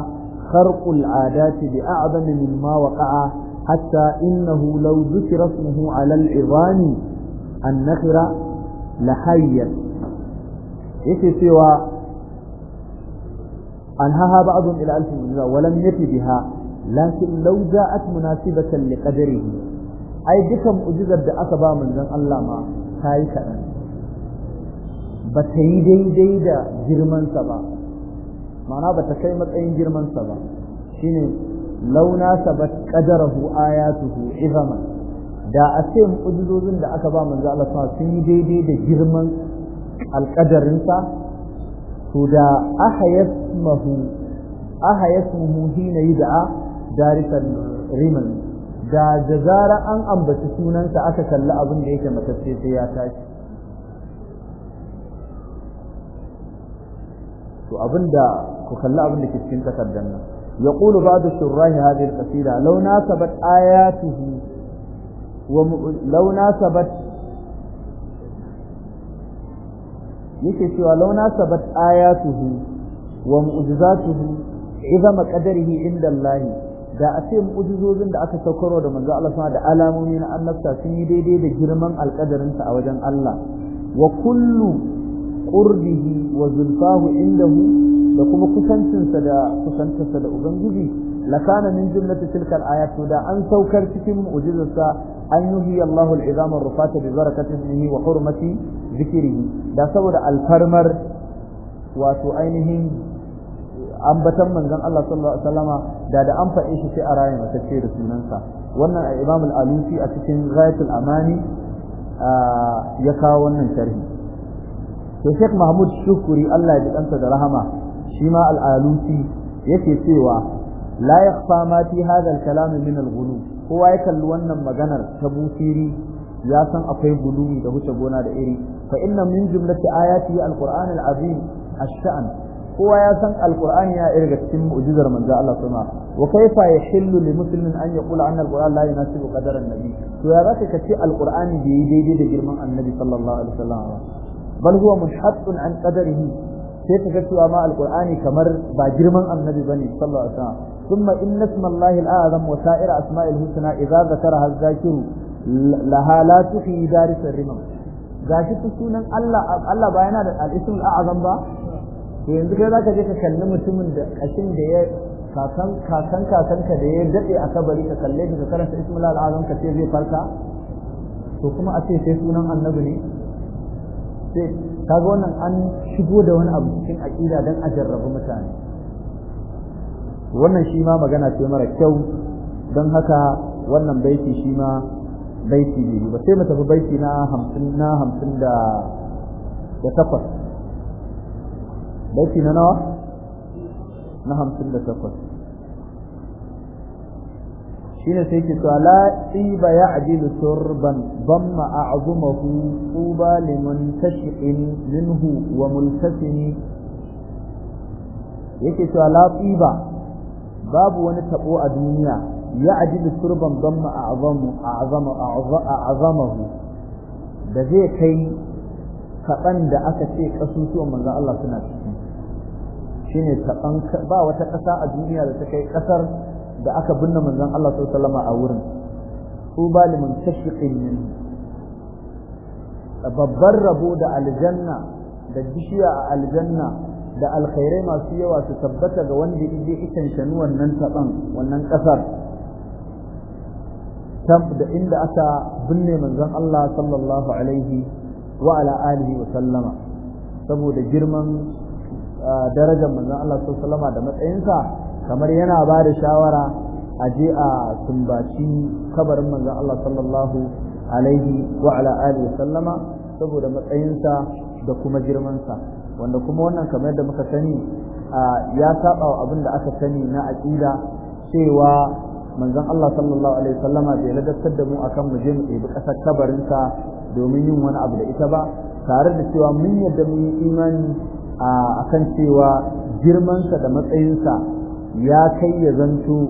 خرق العادات بأعظم مما وقع حتى إنه لو ذكر اسمه على العظام النخرة لحيت يكي سوى أنهاها بعضهم إلى ألف ولم يفي بها لكن لو جاءت مناسبة لقدره أي دكم أجزب بأسبا من ذن الله ما هاي كأن بتهيدي ديدا جرمان سبا ma'ana ba ta kai matsayin girmansa ba shine launasa sabat qadarahu ayatuhu izama da a ce mu'jizozin da aka ba manzo Allah sa sun yi daidai da girman alƙadarinsa to da aha yasmahu aha yasmuhu hina yid'a darisan riman da da zara an ambaci sunansa aka kalli abin da yake matacce sai ya tashi to abinda ku kalli abin da ke cikin takardar nan yaqulu ba'du shurrahi hadhihi al-qasida law wa launa nasabat yake cewa law nasabat ayatuhu wa mu'jizatuhu idama qadarihi inda Allah da a ce mu'jizozin da aka saukarwa da manzo Allah da alamomi na annabta sun yi daidai da girman alƙadarinsa a wajen Allah wa kullu qurbihi wa zulfahu indahu da kuma kusancinsa da kusantarsa da ubangiji lakananin min jumlati tilka al da an saukar cikin mu'jizarsa an yuhi Allahu al-izama rufata bi barakatihi wa hurmati zikrihi da saboda alfarmar wato ainihin ambatan manzon Allah sallallahu alaihi wasallama da da an faɗe shi sai a rayin wata ce da sunansa wannan Imam al-Alusi a cikin Ghayatul Amani ya kawo wannan sharhi to Sheikh Mahmud Shukuri Allah ya ji ɗansa da rahama shi ma al yake cewa la yakhfa ma fi hadha al-kalam min al-ghulu kowa ya kalli wannan maganar ta busiri ya san akwai gulumi da huce gona da iri fa inna min jumlati ayati al-Qur'an al-azim ash-sha'n kowa ya san al-Qur'an ya ga cikin mu'jizar manzo Allah sama wa kaifa yahillu li muslimin an yaqula anna al-Qur'an la yunasibu qadara an-nabi to ya zaka kaci al-Qur'ani bai daidai da girman annabi sallallahu alaihi wasallam bal huwa munhattun an qadarihi sai ka ga cewa ma alqur'ani kamar ba girman annabi bane sallallahu alaihi wasallam thumma inna isma allahi al'azam wa sa'ir asma'il husna idza zakaraha az-zakiru laha la tufi daris ar-rimam gashi ta sunan Allah Allah ba yana da al-ismul a'zam ba to yanzu kai zaka je ka kalli mutumin da kashin da ya kakan kakan ka da ya dade a kabari ka kalle shi ka karanta ismul a'zam ka ce zai farka to kuma a ce sai sunan annabi ne sai kaga wannan an shigo da wani abu cikin aqida dan a jarrabu mutane wannan shi ma magana ce mara kyau don haka wannan baiti shi ma baiti ne ba sai mu tafi baiti na hamsin na 50 da da takwas baiti na nawa na hamsin da takwas shine sai ke cewa la tsiba ya ajilu turban bamma a'zumahu tuba liman tashin minhu wa multasini yake cewa la tsiba babu wani tabo a duniya ya ajilu turban bamma a'zamu a'zamu a'zamahu da zai kai kaɗan da aka ce ƙasusuwan manzon Allah suna ciki shine kaɗan ba wata ƙasa a duniya da ta kai ƙasar da aka binne manzon Allah sallallahu alaihi a wurin tuba liman tashiqin min babbar rabo da aljanna da bishiya a aljanna da alkhairai masu yawa su tabbata ga wanda yake shanu wannan taban wannan kasar da inda aka binne manzon Allah sallallahu alaihi wa ala alihi wa sallama saboda girman ah, darajar manzon Allah sallallahu alaihi wa sallama da matsayinsa kamar yana ba da shawara a je a sumbaci kabarin manzon Allah sallallahu alaihi wa ala alihi sallama saboda matsayinsa da kuma girmansa wanda kuma wannan kamar yadda muka sani ya saba wa abin da aka sani na aqida cewa manzon Allah sallallahu alaihi sallama bai ladabtar da mu akan mu je mu ɗebi ƙasar kabarinsa domin yin wani abu da ita ba tare da cewa mun yadda mun yi imani akan cewa girmansa da matsayinsa ya kai ya zanto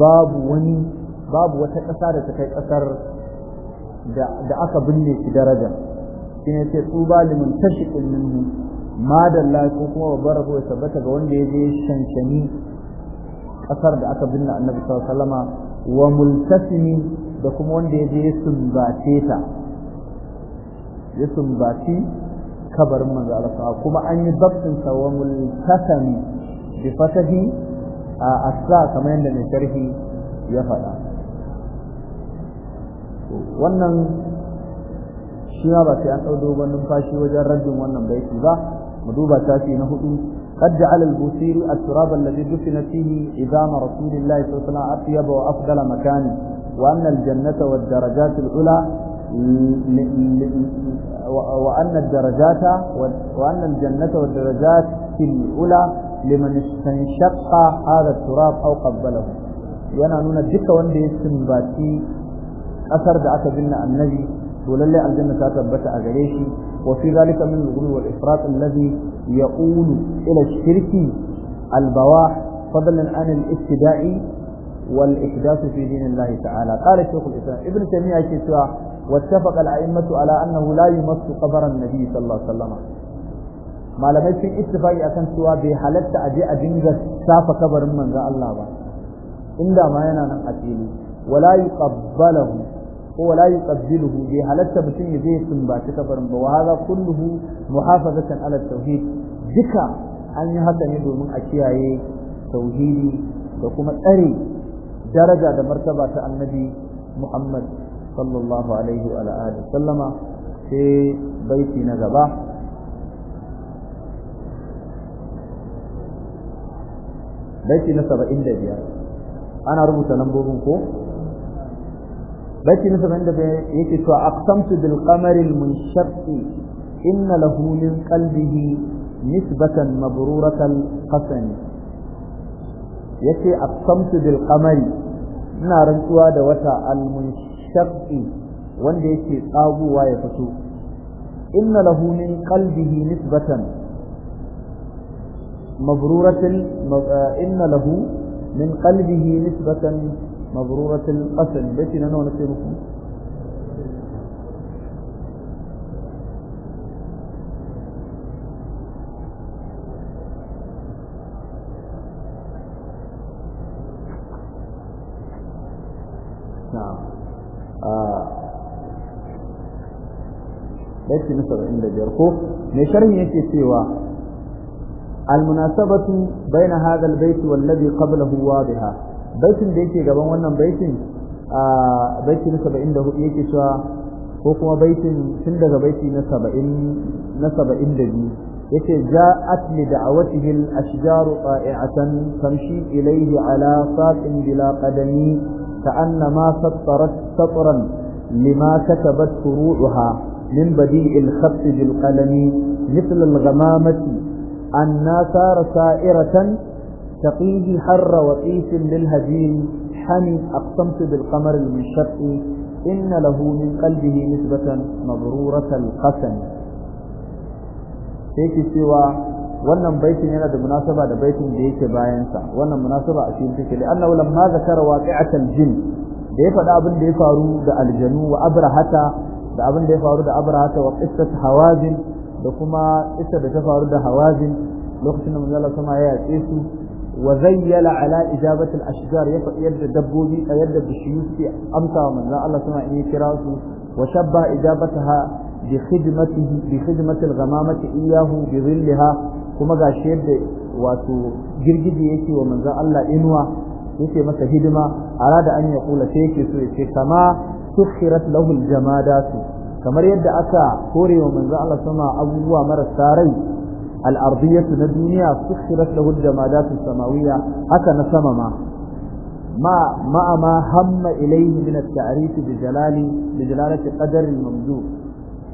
babu wani babu wata ƙasa da ta kai ƙasar da aka binne shi daraja shi ne ce tsuba limin tashiƙin minhu madalla ko kuma babbar rabo ya tabbata ga wanda ya je shanshani ƙasar da aka binne annabi sallallahu wa multasimi da kuma wanda ya je ya sumbace ta ya sumbaci kabarin manzo kuma an yi babtin sa wa multasimi bi fatahi a asa kamar yadda mai sharhi ya faɗa wannan shi ma ba sai an ɗau dogon numfashi wajen rajin wannan baiti ba mu duba tafi na hudu قد جعل البوصيري التراب الذي دفن فيه عظام رسول الله صلى الله عليه وسلم اطيب وافضل مكان وان الجنه والدرجات العلى وان الدرجات وان الجنه والدرجات في العلى liman istanshaqqa hadha turab aw qabbalahu yana nuna duka wanda ya sumbaci ƙasar da aka binne annabi to lalle aljanna ta tabbata a gare shi wa fi zalika min al-ghulu wal ifrat alladhi yaqulu ila ash-shirki al-bawah fadlan an al-ibtida'i wal ihdath fi din Allah ta'ala qala shaykh al-islam ibn taymiyyah yake cewa wattafaqa al-a'immatu ala annahu la yumassu qabra an-nabi sallallahu alaihi wasallam malamai sun ittifaqi akan cewa bai halatta a je a dinga safa kabarin manzo Allah ba inda ma yana nan a fili wala yuqabbalahu ko wala yuqabbiluhu bai halatta mutum ya je sumbaci kabarin ba wa hadha kulluhu muhafazatan ala tauhid duka an yi haka ne domin a kiyaye tauhidi da kuma tsare daraja da martaba ta annabi Muhammad sallallahu alaihi wa alihi sallama sai baiti na gaba baiti na saba'in da biyar ana rubuta lambobin ko baiti na saba'in da biyar yake cewa aqsamtu bil qamaril munshaqqi inna lahu min qalbihi nisbatan mabruratal qasam yace aqsamtu bil qamari ina rantsuwa da wata al munshaqqi wanda yake tsaguwa ya fito inna lahu min qalbihi nisbatan مبرورة آه، إن له من قلبه نسبة مبرورة القسم بيتي نانو نسيبكم نعم آه. بيتي نسبة عند جركو نشره يكي سيوا المناسبة بين هذا البيت والذي قبله واضحة بيت da yake gaban wannan baitin a baiti na 74 yake cewa ko kuma baitin tun daga baiti na 70 na 72 yake ja'at li da'awatihi al-ashjar qa'i'atan tamshi ilayhi ala saqin bila qadami ka'annama sattarat satran lima furu'uha min badi'il khatt bil qalami مثل الغمامة أن ثار سائرة تقيه حر وقيس للهجين حمي أقسمت بالقمر المنشق إن له من قلبه نسبة مبرورة القسم هيك سوى wannan baitin yana da munasaba da baitin da yake bayansa wannan munasaba a cikin take annahu lamma zakara waqi'atal jin da ya faɗa abin da ya faru da aljanu wa abrahata da abin da ya faru da abrahata wa qissat hawazin da kuma isa da ta faru da hawazin lokacin da manzala sama ya yatse su wa zayyala ala ijabati al-ashjar ya faɗi yadda dabbobi a yadda bishiyu suke amsa wa manzan Allah sama in ya kira su wa shabba ijabataha bi khidmatihi bi khidmati al-ghamamati iyahu bi dhillaha kuma ga shi yadda wato girgije yake wa manzan Allah inuwa yake masa hidima arada an ya kula sai yake so yace kama sukhirat lahu al-jamadatu kamar yadda aka kore wa manzo Allah sama abubuwa marasa rai al'ardiyatu na duniya su shirat da hudu jamadatu samawiya haka na sama ma ma ma ma hamma ilayhi min at-ta'rif bi jalali bi jalalati qadar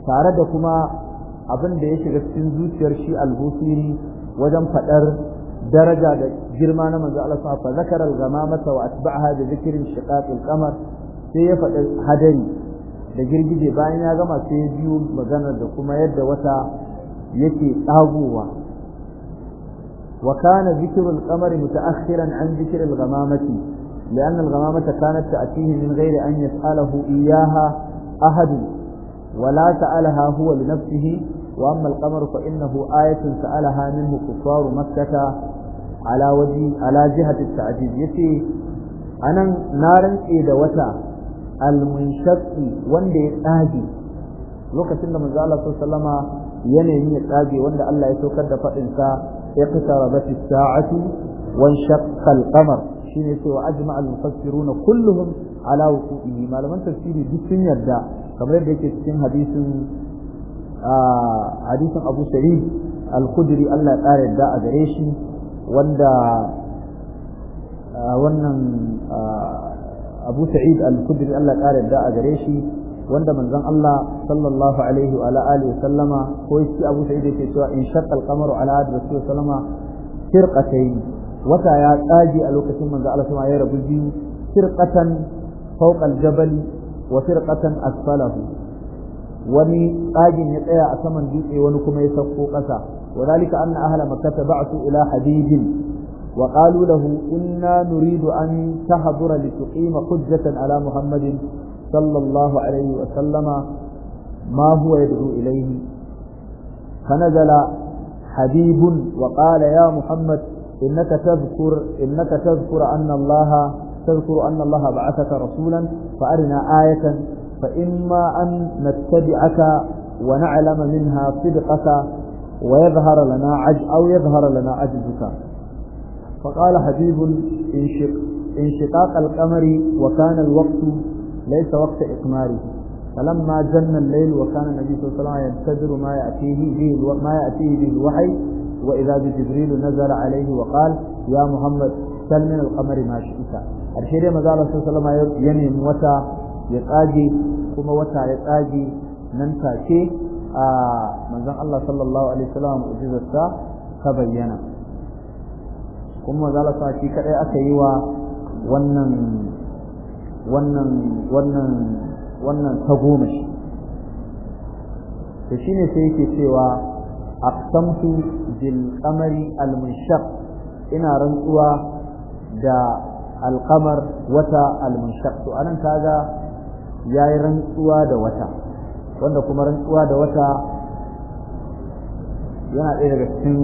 tare da kuma abin da ya shiga cikin zuciyar shi al-busiri wajen faɗar daraja da girma na manzo Allah sama fa zakara al-gamamata wa atba'aha bi dhikri shiqaq al sai ya faɗi hadari da girgije bayan ya gama sai biyu maganar da kuma yadda wata yake tsagowa wa kana zikru al-qamari muta'akhiran an zikri al-ghamamati li'anna al-ghamamata kanat ta'tihi min ghayri an yas'alahu iyyaha ahad wa la ta'alaha huwa li nafsihi wa amma al-qamaru fa innahu ayatun ta'alaha minhu kuffar makkah ala wajhi ala jihati at-ta'jiz yace anan narin da wata al-munshaqi wanda ya tsage lokacin da manzo Allah sallama ya nemi ya tsage wanda Allah ya saukar da fadin sa iqtarabat as-sa'atu wa shaqqa al-qamar shine cewa ajma'a al-mufassiruna kulluhum ala wuqu'ihi malaman tafsiri duk sun yarda kamar yadda yake cikin hadisin hadisin Abu Sa'id al-Khudri Allah ya kare da a gare shi wanda wannan abu sa'id al-khudri Allah ƙara da a gare shi wanda manzon Allah sallallahu alaihi wa ala alihi sallama ko shi abu sa'id yake cewa in shaqqa al-qamaru ala hadi rasul sallama firqatayn wata ya tsage a lokacin manzon Allah sallama ya rabu biyu firqatan fawqa al-jabal wa firqatan asfalahu wani tsagin ya tsaya a saman dutse wani kuma ya sauko ƙasa وذلك أن أهل مكة بعثوا ila hadidin وقالوا له إنا نريد أن تحضر لتقيم حجة على محمد صلى الله عليه وسلم ما هو يدعو إليه فنزل حبيب وقال يا محمد إنك تذكر إنك تذكر أن الله تذكر أن الله بعثك رسولا فأرنا آية فإما أن نتبعك ونعلم منها صدقك ويظهر لنا عج أو يظهر لنا عجزك فقال حبيب انشق انشقاق القمر وكان الوقت ليس وقت إقماره فلما جن الليل وكان النبي صلى الله عليه وسلم ينتظر ما يأتيه به ما يأتيه به الوحي وإذا بجبريل نزل عليه وقال يا محمد سل من القمر ما شئت الشيء ما قال صلى الله عليه وسلم ينم وتا يتاجي كما وتا يتاجي ننسى شيء آه من الله صلى الله عليه وسلم أجزت تبينا kuma manzo Allah shi kadai aka yi wa wannan wannan wannan wannan Da shi shine sai yake cewa aqsamtu bil qamari al ina rantsuwa da al wata al to anan kaga yayi rantsuwa da wata wanda kuma rantsuwa da wata yana ɗaya daga cikin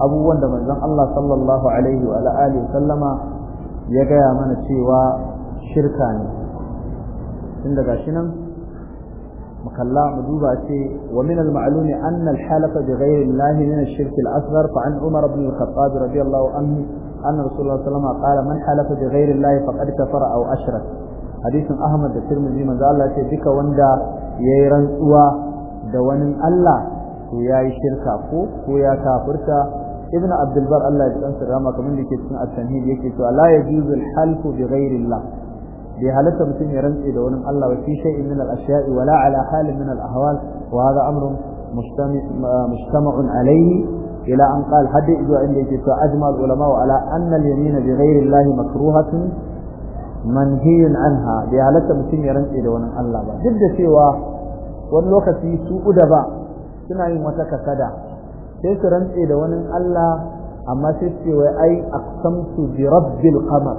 abubuwan da manzon Allah sallallahu alaihi wa alihi sallama ya gaya mana cewa shirka ne tun daga shi nan mu mu duba ce wa min al-ma'lumi anna al-halafa bi ghayri Allah min ash-shirk al-asghar fa an Umar ibn al-Khattab radiyallahu anhu anna Rasulullah sallallahu alaihi qala man halafa bi ghayri Allah faqad kafara aw ashrak hadisin Ahmad da Tirmidhi manzo Allah ce duka wanda yayi rantsuwa da wani Allah to yayi shirka ko ko ya kafirta ibn abdul bar Allah ya san sirama kamar da ke cikin at-tanhid yake cewa la yajuzu al-halfu bi ghairi Allah bai mutum ya rantse da wani Allah wa fi shay'in min al-ashya'i wa la ala halin min al-ahwal wa hadha amrun mujtama'un alayhi ila an qala hadd ido inda yake cewa ajma al-ulama wa ala anna al-yamin bi ghairi Allah makruhatun manhiyun anha bai halatta mutum ya rantse da wani Allah ba duk da cewa wani lokaci su uda ba suna yin wata kasada sai su rantse da wani Allah amma sai su ce wai ai aqsamtu bi rabbil qamar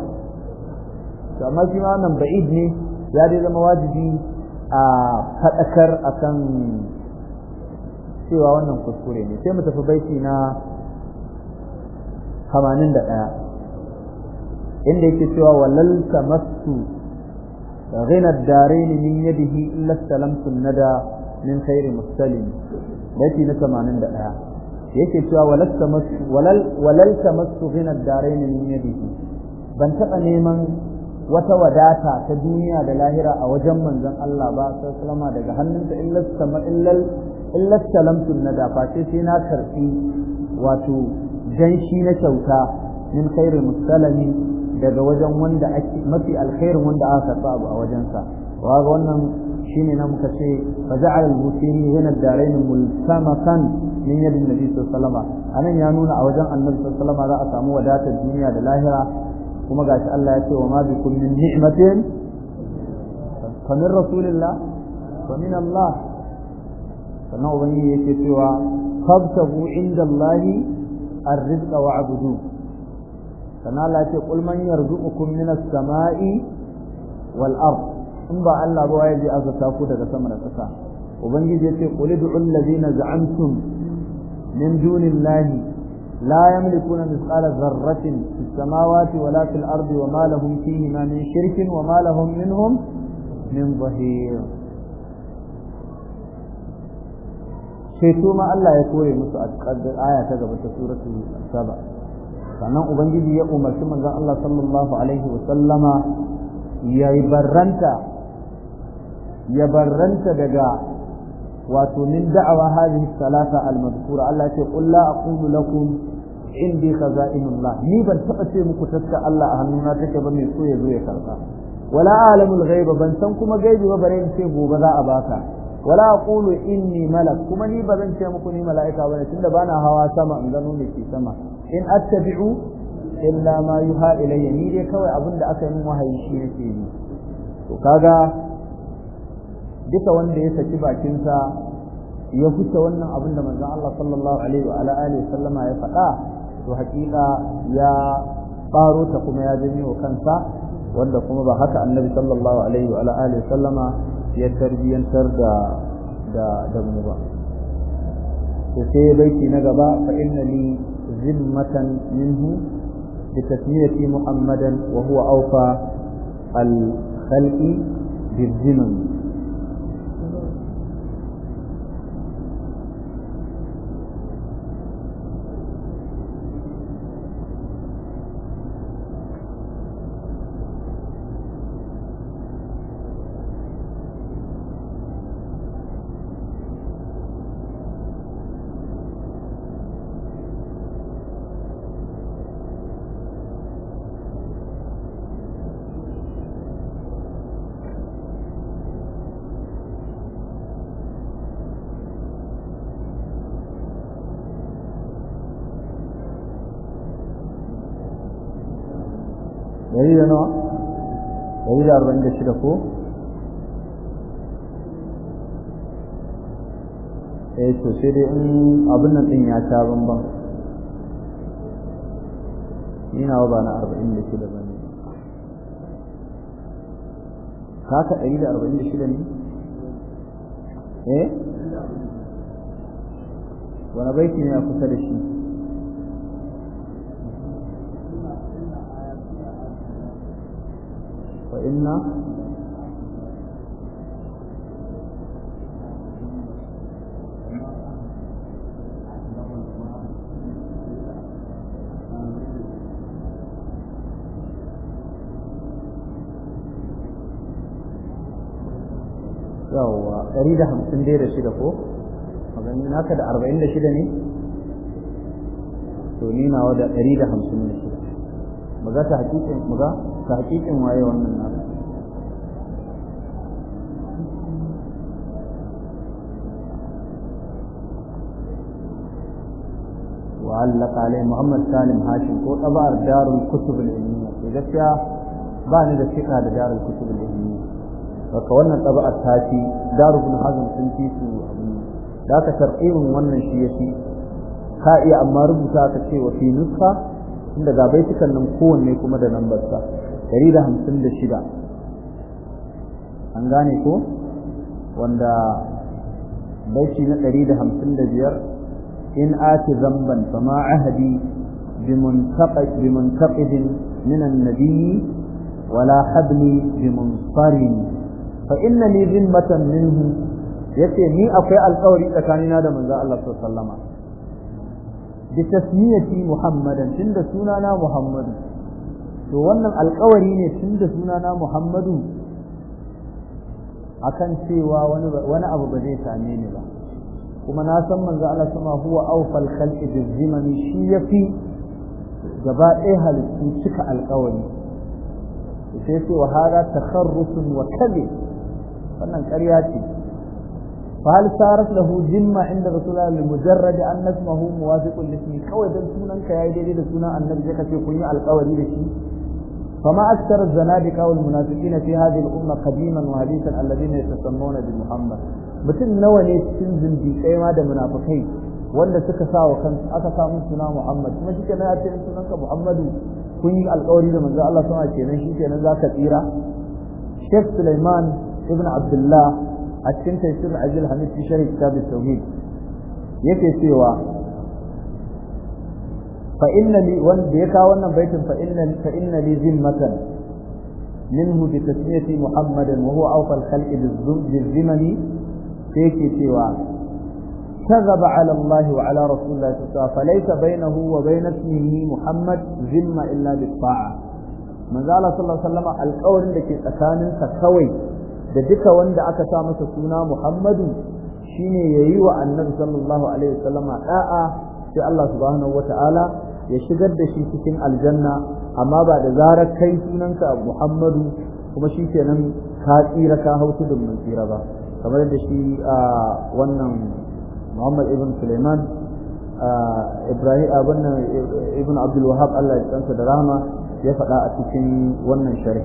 to amma shi ma nan ba'id ne ya dai zama wajibi a fadakar akan cewa wannan kuskure ne sai mu tafi baiti na 81 inda yake cewa walal tamassu غنى الدارين من يده إلا استلمت الندى من خير مستلم التي نسمع من دقائق yake cewa walal tamassu ghina ad-darain min yadihi ban taba neman wata wadata ta duniya da lahira a wajen manzon Allah ba sallama daga hannunta illa sama illal illa salamtu nada sai na karfi wato janshi na kyauta min khairul musallami daga wajen wanda ake mafi alkhairin wanda aka karba a wajensa wa wannan shine na muka ce fa ja'al al-musini hina darain mulsamakan min yadin nabi sallallahu alaihi anan ya nuna a wajen annabi sallallahu alaihi za a samu wadatar duniya da lahira kuma gashi Allah ya ce wa ma bikum min ni'matin fa min rasulillah wa min Allah sannan ubangiji yake cewa fabtahu inda Allah arrizqa wa'budu sannan Allah ya ce qul man yarzuqukum minas sama'i wal ard in ba Allah ba waye zai azurta ku daga sama da ƙasa ubangiji yace qul ud'u allazina za'amtum min dunillahi la yamlikuna mithqala dharratin fis samawati wala ardi wama lahum fihi ma min shirkin wama lahum minhum min zahir ceto ma Allah ya kore musu aya ta gaba ta suratul saba sannan ubangiji ya umarci manzon Allah sallallahu alaihi wa sallama ya barranta ya barranta daga wato min da'awa hadhihi salata al-madhkura Allah ce qul la aqulu lakum indi khaza'inullah ni ban taba ce muku taska Allah a hannuna take ba mai so ya zo ya karba wala alamul ghaiba ban san kuma gaibi ba bare in ce gobe za a baka wala aqulu inni malak kuma ni bazan ce muku ni mala'ika bane tunda bana hawa sama in gano ne ke sama in attabi'u illa ma yuha ilayya ni dai kawai abinda aka yi min wahayi shi nake yi to kaga duka wanda ya saki bakinsa ya huce wannan abin da manzon Allah sallallahu alaihi wa alihi sallama ya faɗa to hakika ya baro ta kuma ya janyo kansa wanda kuma ba haka annabi sallallahu alaihi wa alihi sallama ya tarbiyantar da da da mu ba to sai baiti na gaba fa inna zimmatan minhu bi tasmiyati muhammadan wa huwa awfa al khalqi bi ɗari da nawa ɗari da arba'in da shida ko eh to sai dai in abin nan ɗin ya sha bambam yana arba'in da shida ne kaka ɗari da arba'in da shida wani ne a kusa da shi إن yawwa ɗari da hamsin dai da shida ko maganin naka da arba'in da shida ne to ni nawa da ɗari da hamsin ne ga ta hakikin mu ga ta hakikin waye wannan na وعلق عليه محمد سالم هاشم ko tabar darul kutub al-ilmiya to eh, gaskiya ba ni da fika da darul kutub al-ilmiya haka wannan tabar ta ci darul ibn hazm sun ci su da ka tarqibun wannan shi ya yafi ka iya amma rubuta ka ce wa fi nuskha tunda ga baitukan nan kowanne kuma da lambar sa 156 an gane ko wanda baiti na 155 in ati zamban fama ahadi bimuntaqid bimuntaqid min an-nabi wala hadmi bimunsarin fa innani zimmatan minhu yace ni akwai alƙawari tsakanina da manzo Allah sallallahu alaihi wasallama bi tasmiyati muhammadan tunda sunana muhammadu to wannan alƙawari ne tunda sunana muhammadu akan cewa wani wani abu ba zai same ni ba kuma na san manzo Allah kuma huwa awfal khalqi bizimani shi yafi gaba ɗaya halittu cika alƙawari sai ce wa hada takharrusun wa kadhib wannan ƙarya ce فهل صارت له ذمة عند رسول الله لمجرد أن اسمه موافق لاسمه كوي دل سنن كياي دي دي سنن النبي كتي كوني القوري دشي فما أكثر الزنادقة والمنافقين في هذه الأمة قديما وحديثا الذين يتسمون بمحمد mutum nawa ne cikin zindiƙai ma da munafukai wanda suka sa wa kansu aka samu suna Muhammad kuma shi na a cikin sunanka Muhammadu kun yi alƙawari da manzo Allah sama kenan shi kenan zaka tsira Sheikh Sulaiman ibn Abdullah a cikin tafsirin Abdul Hamid fi sharh kitab tauhid yake cewa fa inna li wanda ya kawo wannan baitin fa inna fa inna li zimmatan minhu bi tasmiyati Muhammadan wa huwa awfa yake cewa كذب على الله وعلى رسول الله صلى الله عليه وسلم فليس بينه وبين اسمه محمد ذمة إلا بالطاعة da ke tsakaninsa kawai da duka wanda aka sa masa suna Muhammadu shine yayi wa Annabi sallallahu alaihi wasallama da'a sai Allah subhanahu wataala ya shigar da shi cikin aljanna amma ba da zarar kai sunanka Muhammadu kuma shi kenan ka tsira ka hau tudun mun tsira ba kamar da shi wannan Muhammad ibn Sulaiman Ibrahim abin e, ibn Abdul Allah ya tsansa da rahama ya faɗa a cikin wannan sharhi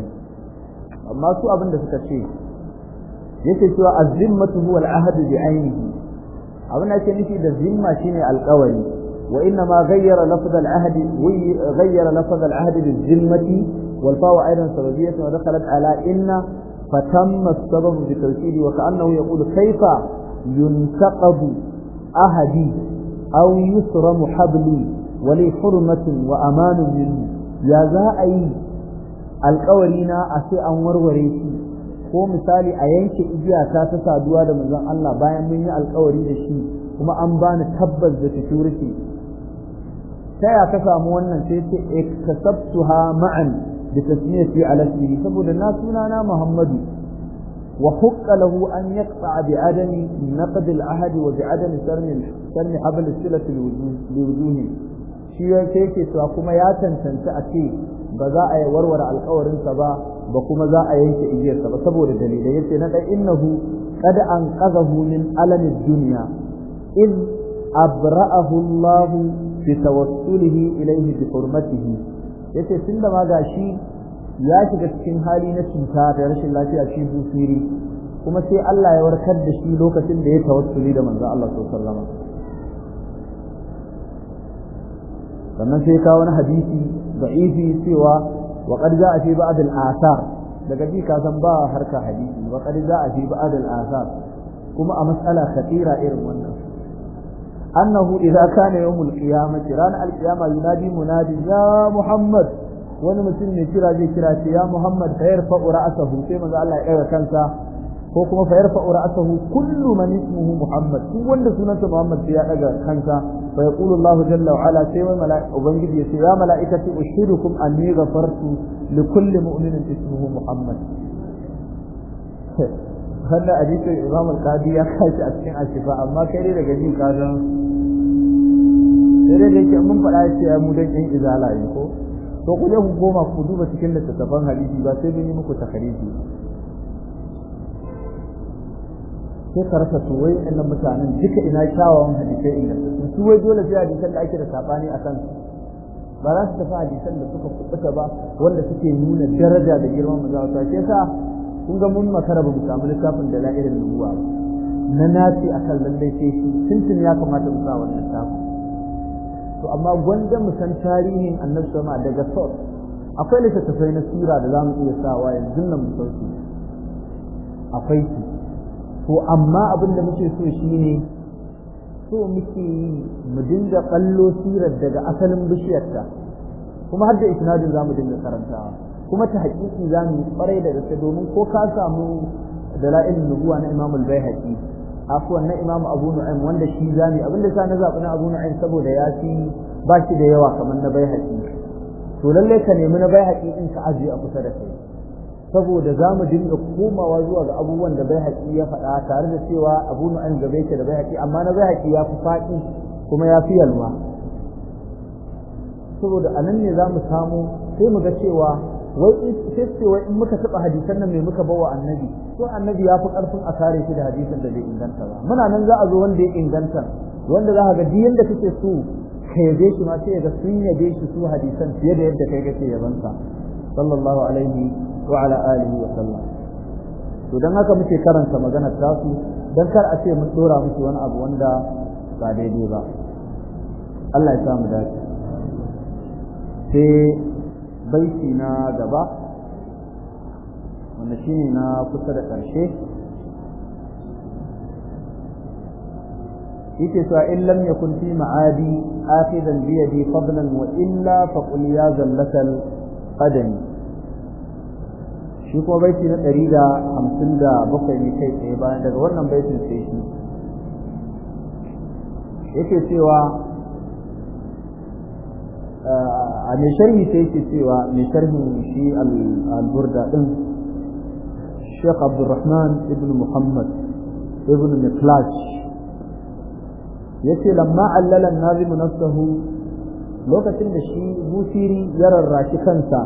amma su abin da suka ce yake cewa azzimmatu huwa al'ahd bi ainihi abuna ce nufi da zimma shine alƙawari wa inna ma ghayyara lafd al'ahd wa ghayyara zimmati wal fa wa aidan sababiyatu wa dakhalat ala inna fa tamma sabab bi tawkid wa ka'annahu yaqulu kayfa yuntaqadu ahadi aw yusramu hablu wa li hurmatin wa amanin minni ya za'ayi alƙawarina a sai an warware shi ko misali a yanke igiya ta ta saduwa da manzon Allah bayan mun yi alkawari da shi kuma an bani tabbas da security ta ya ka samu wannan sai ce iktasabtuha ma'an bi tasmiyati ala ismihi saboda na sunana Muhammadu wa hukka lahu an yaqta bi adami naqd al ahd wa bi adami sarmi sarmi habl silati al wujuh shi ce cewa kuma ya tantance a ce ba za a yi warware alkawarinsa ba ba kuma za a yanke igiyarsa ba saboda dalilai yace na dai innahu qad anqadhahu min alamid dunya iz abra'ahu Allah fi tawassulihi ilayhi bi hurmatihi yace tunda ma gashi ya shiga cikin hali na cuta da rashin lafiya shi busiri kuma sai Allah ya warkar da shi lokacin da ya tawassuli da manzo Allah sallallahu alaihi wasallam sannan sai kawo wani hadisi da'ifi cewa wa qad ja'a fi ba'd al daga ji ka san ba harka hadisi wa qad fi ba'd al kuma a mas'ala katira irin wannan annahu idza kana yawmul qiyamati ran al-qiyama yunadi munadi ya muhammad wani mutum ne kira zai kira ce ya muhammad fa yarfa'u ra'sahu sai manzo Allah ya kansa ko kuma fa yarfa ra'sahu kullu man ismuhu muhammad duk wanda sunansa muhammad sai ya daga kansa fa yaqulu allah jalla wa ala sai wa mala'ika ubangiji ya ce ya mala'ikati ushidukum anni ghafartu li kulli mu'minin ismuhu muhammad wannan hadisin imam al-qadi ya kashi a cikin ashifa amma kai dai daga jin kasan sai dai yake mun faɗa cewa mu dan yan izala ne ko to ku je ku goma ku duba cikin littattafan hadisi ba sai mun yi muku takariji sai ka rasa to wai mutanen duka ina kyawawan hadisai inda su wai dole sai hadisan da ake da sabani a kan ba za su tafi hadisan da suka kubuta ba wanda suke nuna daraja da girman maza ta sai sa kun ga mun makara ba mu samu littafin da la'irin nubuwa na a akan lallai sai shi tuntun ya kamata mu sa wannan littafin to amma gwanda mu san tarihin annabi sama daga source akwai littattafai na sura da za mu iya sawa yanzu nan mu sauke akwai su to amma abin da muke so shine so muke yi mu dinga kallo sirar daga asalin bishiyarta kuma har da isnadin zamu dinga karantawa kuma ta hakiki zamu yi kwarai da gaske domin ko ka samu dalailin nubuwa na Imam al-Baihaqi akwai na Imam Abu Nu'aym wanda shi zami abinda sa na zabi na Abu Nu'aym saboda ya fi ba shi da yawa kamar na Baihaqi to lalle ka nemi na Baihaqi in ka aje a kusa da kai saboda za mu dinga komawa zuwa ga abubuwan da bai ya faɗa tare da cewa abu nu'an gaba ke da bai amma na bai ya fi faɗi kuma ya fi yalwa saboda a nan ne za mu samu sai mu ga cewa wai sai ce wai in muka taɓa hadisan nan mai muka bawa annabi to annabi ya fi ƙarfin a kare shi da hadisan da bai inganta ba muna nan za a zo wanda ya inganta wanda za a ga duk da kake so ka yabe shi ma sai ga sun yabe shi su hadisan fiye da yadda kai kake yabansa sallallahu alaihi wa ala alihi wa sallam to dan haka muke karanta maganar tasu dan kar a ce mu dora musu wani abu wanda ba daidai ba Allah ya samu dace sai baiti na gaba wanda shine na kusa da ƙarshe yake cewa in lam yakun fi ma'adi akhidan bi yadi fadlan wa illa fa qul ya zallatal qadami shi kuma baiti na ɗari da hamsin da bakwai ne kai tsaye bayan daga wannan baitin sai shi yake cewa ah, a mai sharhi sai yake cewa mai sharhin shi al-burda din Sheikh Abdurrahman ibn Muhammad ibn Miklash yace lamma allala an-nazim nafsahu lokacin da shi musiri ya rarraki kansa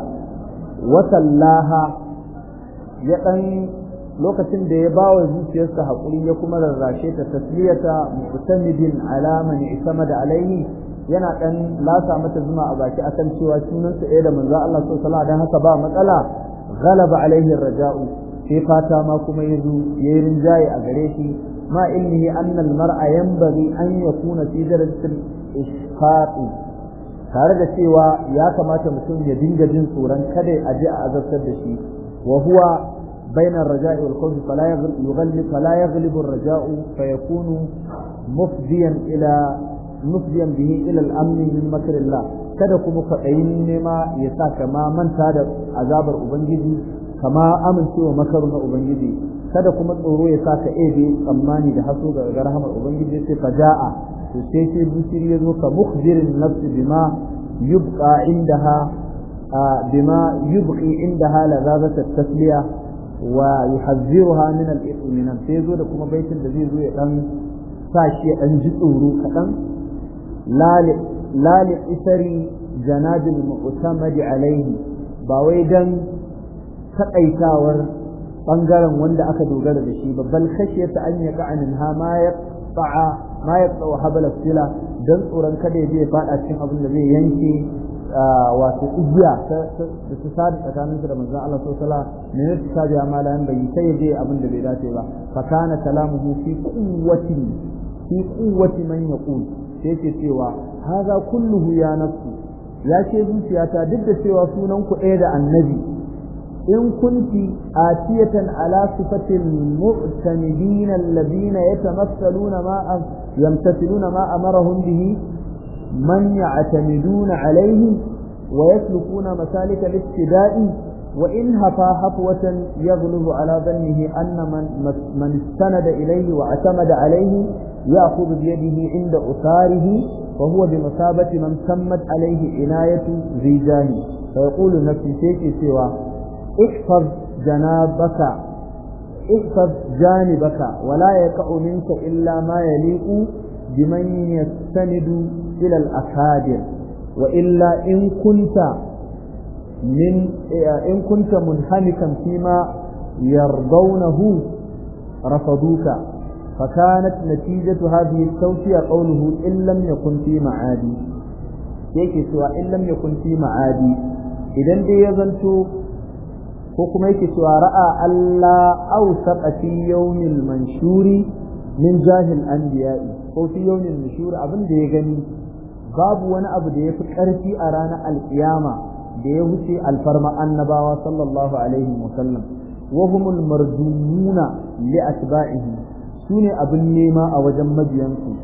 wa sallaha ya dan lokacin da ya bawa zuciyarsa hakuri ya kuma rarrashe ta tasliyata mutamidin alaman sama da alaihi yana dan lasa mata zuma a baki akan cewa sunansa ɗaya da manzo Allah sallallahu alaihi haka ba matsala galaba Alayhi raja'u sai fata ma kuma yazo yayi rinjaye a gare shi ma ilmihi anna almar'a yanbaghi an yakuna fi darajatil ishqaqi tare da cewa ya kamata mutum ya dinga jin tsoron kada a a azabtar da shi wa huwa بين الرجاء والخوف فلا يغلب فلا يغلب الرجاء فيكون مفضيا الى مفضيا به الى الامن من مكر الله kada kuma kwaɗayin nema ya sa kama manta da azabar ubangiji kama amincewa makaru na ubangiji kada kuma tsoro ya sa ka ebe tsammani da haso ga rahamar ubangiji sai ka ja'a to sai sai bishiri ya zo ka mukhbirin nafsi bima yubqa indaha bima yubqi indaha lazazat tasliya wa yuhazziruha min al-itminan sai zo da kuma baitin da zai zo ya dan sa shi ya ji tsoro kaɗan? lali lali isari janadil mu'tamadi alaihi ba wai don takaitawar bangaren wanda aka dogara da shi babbal khashiyata an yaqa anha ma yaqta'a ma yaqta'u habal sila dan tsoron kada ya je ya cikin abin da zai yanke wato igiya da ta sadi tsakanin su da manzon Allah sallallahu alaihi wasallam ne ta sadi amma la yan yi sai dai abin da bai dace ba fa kana kalamuhu fi quwwati fi quwwati man yaqul sai yake cewa haza kulluhu ya nafsu ya ce zuciyata duk da cewa sunan ku ɗaya da annabi in kunti atiyatan ala sifatil mu'tamidin alladhina yatamathaluna ma yamtathiluna ma amarahum bihi من يعتمدون عليه ويسلكون مسالك الابتداء وإن هفى هفوة يغلب على ظنه أن من, من استند إليه واعتمد عليه يأخذ بيده عند أثاره فهو بمثابة من سمت عليه عناية رجاله فيقول نفسي شيء سوى احفظ جنابك احفظ جانبك ولا يقع منك إلا ما يليق بمن يستند إلى الأكابر وإلا إن كنت من إن كنت منحنكا فيما يرضونه رفضوك فكانت نتيجة هذه التوصية قوله إن لم يكن في معادي yake cewa in lam yakun fi ma'adi idan dai ya zanto ko kuma yake cewa ra'a Allah aw sabati yawmil manshuri min jahil anbiya'i ko fi yawmil manshuri abin da ya gani babu wani abu da ya fi ƙarfi a ranar alƙiyama da ya wuce alfarma annabawa sallallahu alaihi wasallam mardumuna li atba'ihi sune abin nema a wajen mabiyansu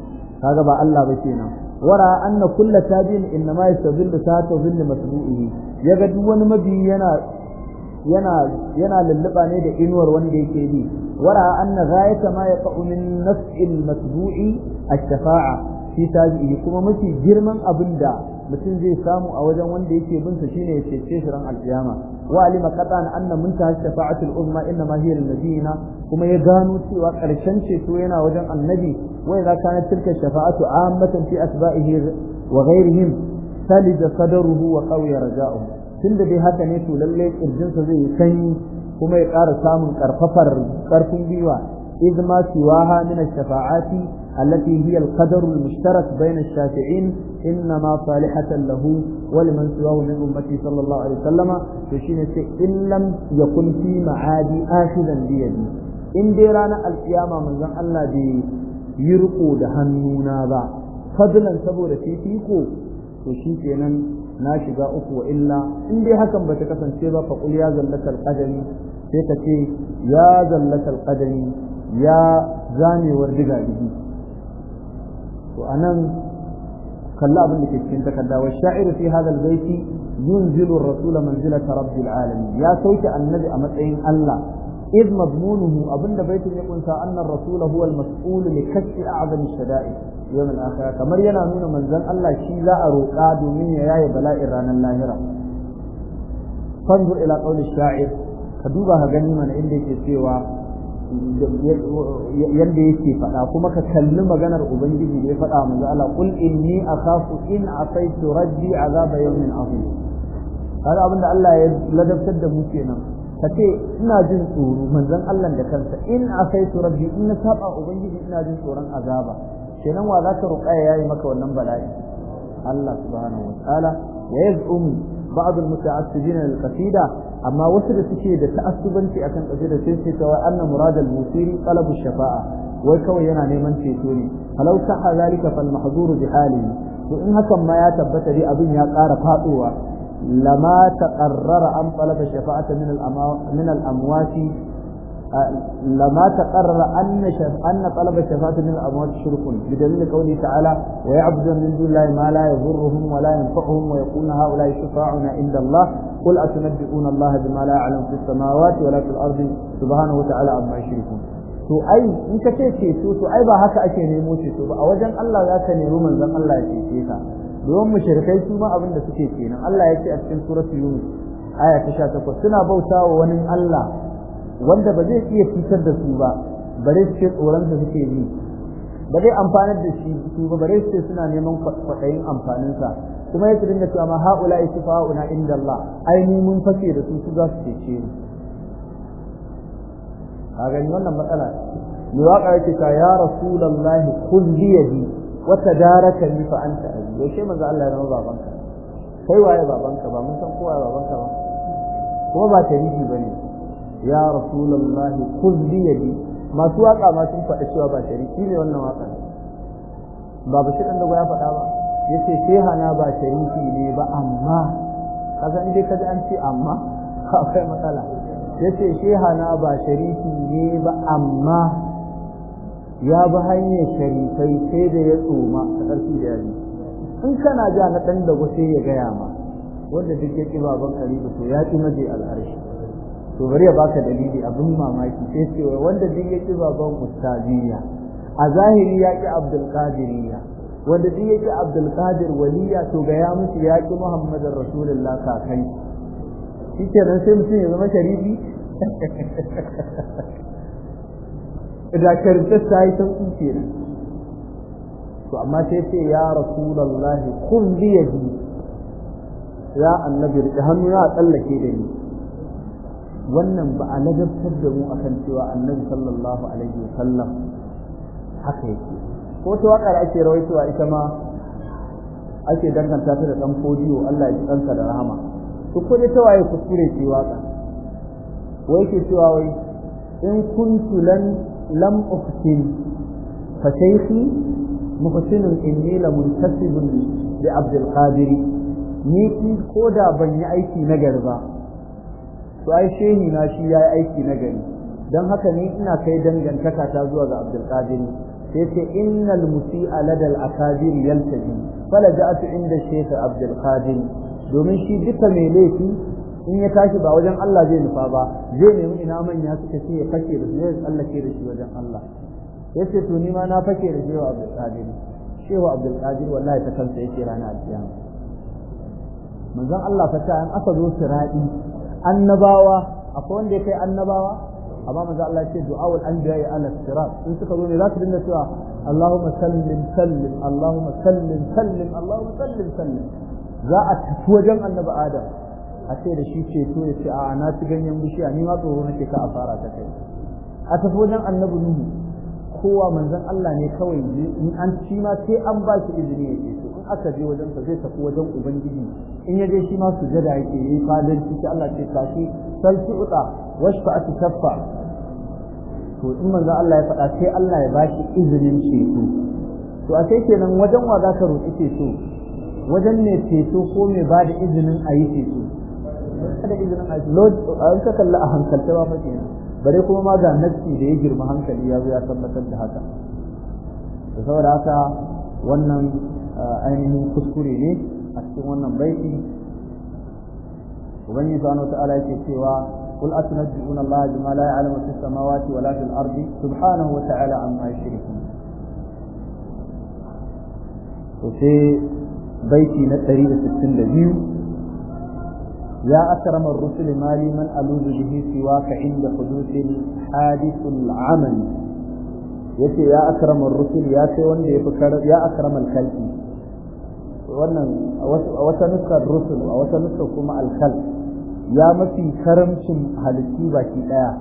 kaga ba Allah ba kenan wara anna kullu tabi'in innama yastazillu sa'ata zillu masbu'ihi yaga duk wani mabiyi yana yana yana lulluba ne da inuwar wanda yake bi wara anna ghayata ma yaqa'u min naf'il masbu'i ash-shafa'a tabi'i kuma mafi girman abin da mutum zai samu a wajen wanda yake bin sa shine ya cece shi ran alkiyama wa alima qatan anna muntaha shafa'atul umma inna ma hiya lilladina kuma ya gano cewa karshen ceto yana wajen annabi wai idza kanat tilka shafa'atu ammatan fi asba'ihi wa ghayrihim salida sadruhu wa qawiya raja'uhu tunda dai haka ne to lalle kirjinsa zai sanyi kuma ya ƙara samun ƙarfafar karfin gwiwa idma siwaha min ash-shafa'ati التي هي القدر المشترك بين الشافعين إنما صالحة له ولمن سواه من أمتي صلى الله عليه وسلم تشين إن لم يكن في معادي آخذا بيدي إن ديرانا القيامة من ذن الله دي يرقو دهنونا ذا فضلا سبور فيكو تشين كينا ناشقا أخو إلا إن دي حكم بتكسن سيبا فقل يا زلة القدم سيكتي يا زلة القدم يا زاني وردقا بيه to anan kalli abin da ke cikin takarda wa sha'ir fi hadha albayt yunzilu ar-rasul manzilat rabbil alamin ya sauke annabi a matsayin Allah iz madmunuhu abinda baitin ya kunsa annar rasul huwa al-mas'ul li kashfi a'zami shada'i yawm al-akhir kamar yana nuna manzon Allah shi za a roƙa domin ya yaye bala'in ranar lahira fanzur ila qawli sha'ir ka duba ka gani mana inda yake cewa yadda yake faɗa kuma ka kalli maganar ubangiji da ya faɗa manzo Allah kul inni akhafu in asaitu rabbi azaba yawmin azim kaga abinda Allah ya ladabtar da mu kenan kace ina jin tsoro manzon Allah da kansa in asaitu rabbi in na saba ubangiji ina jin tsoron azaba kenan wa zaka ruqaya yayi maka wannan bala'i Allah subhanahu wa ta'ala wa yaz'um ba'd al-muta'assibin al-qasida amma wasu da suke da ta'assubanci akan qasida sai su ce wai anna murad al-musiri shafaa wai kawai yana neman ceto ne halau sahha zalika fal mahzuru bi halihi to in hakan ma ya tabbatar dai abin ya ƙara faduwa lama taqarrara an talaba shafa'ata min al لما تقرر أن شف... أن طلب الشفاعة من الأموات شرك بدليل قوله تعالى ويعبدون من دون الله ما لا يضرهم ولا ينفعهم ويقولون هؤلاء شفاعنا عند الله قل أتنبئون الله بما لا يعلم في السماوات ولا في الأرض سبحانه وتعالى عما يشركون to ai in ka ce ceto to ai ba haka ake nemo ceto ba a wajen Allah za ka nemi manzon Allah ya cece ka domin mushrikai su ma abin da suke kenan Allah ya ce a cikin suratul yunus aya ta 18 suna bautawa wani Allah wanda ba zai iya fitar da su ba bare su ce tsoron da suke yi ba zai amfanar da shi su ba bare su ce suna neman kwaɗayin amfaninsa kuma ya dinga cewa ma haula istifa'una inda Allah ai ni mun fake da su su za su cece mu kaga ni wannan matsala ni waka yake ta ya rasulullahi kulli yadi wa tadaraka ni fa anta abi yaushe maza Allah ya zama babanka kai waye babanka ba mun san kowa babanka ba kuma ba tarihi ne. ya rasulullahi kulli bi yadi masu waka ma sun faɗa cewa ba shariki ne wannan waka ba ba shi dan dago ya faɗa ba yace sai hana ba shariki ne ba amma kaza inde kaza an ce amma akwai matsala yace sai hana ba shariki ne ba amma ya bi hanyar sharikai sai da ya tsoma a ƙarfi da yaji in kana ja na ɗan dago sai ya gaya ma wanda duk ya ƙi baban karibu to ya ƙi maje al'arshi to bari ya baka dalili abin mamaki sai ce wanda duk ya ki baban ustaziya a zahiri ya ki abdul qadiriya wanda duk ya abdul qadir waliya to ga ya musu ya ki muhammadin rasulullah kakan shi ke nan sai mutum ya zama sharifi da karinta ta yi sauƙi to amma sai ce ya rasulullahi kun biya ya annabi riƙe hannu na tsallake da ni wannan ba a ladabtar da mu akan cewa annabi sallallahu alaihi wasallam haka yake ko ta waka da ake rawaitowa ita ma ake danganta ta da dan kodiyo Allah ya ji kansa da rahama to ko dai ta waye kuskure ce waka wai ke cewa wai in kuntu lan lam uftin fa shaykhi muhsinun inni la muntasibun bi abdul qadir ni ko da ban yi aiki na garba to ai shehi na shi yayi aiki na gari dan haka ne ina kai dangantaka ta zuwa ga Abdul Qadir sai ce innal musi'a ladal akabir yaltaji fala ja'atu inda shaykh Abdul Qadir domin shi duka mai laifi in ya tashi ba wajen Allah zai nufa ba zai nemi ina manya suka ce ya fake da zai tsallake da shi wajen Allah yace to ni ma na fake da shehu Abdul Qadir shehu Abdul Qadir wallahi ta kansa yake rana a kiyama manzon Allah fata an aka zo siradi annabawa akwai wanda ya kai annabawa amma manzo Allah ce du'aul anbiya'i ala sirat in suka zo ne za su dinga cewa Allahumma sallim sallim Allahumma sallim sallim Allahumma sallim sallim za a tafi wajen annabi Adam a ce da shi ceto ya ce a na ci ganyen bishiya ni ma tsoro nake ka a fara ta kai a tafi wajen annabi Nuhu kowa manzon Allah ne kawai in an ci ma sai an ba shi izini ya ce aka je wajen sa zai tafi wajen ubangiji in ya je shi ma sujada yake yi falin shi Allah ce tafi salti uta washfa'atu tafa to in manzo Allah ya faɗa sai Allah ya bashi izinin ceto to a sai kenan wajen wa za ka ce to wajen ne to ko me ba da izinin a yi to da izinin a yi ka kalla a hankalta ba ne, bare kuma ma ga nafsi da ya girma hankali ya zo ya tabbatar da haka da saboda haka wannan ainihin kuskure ne a cikin wannan baiti ubangiji subhanahu ta'ala yake cewa qul atunajji'una Allah bima la ya'lamu fis samawati wala fil ardi subhanahu wa ta'ala amma yushrikun to sai baiti na 162 يا أكرم الرسل mali man من ألوذ به سواك عند حدوث حادث العمل yace ya akramar rusul ya sai wanda yafi fi ya akramal khalqi wannan a wata nuskar rusul a wata nuskar kuma alkal ya mafi karamcin halittu baki daya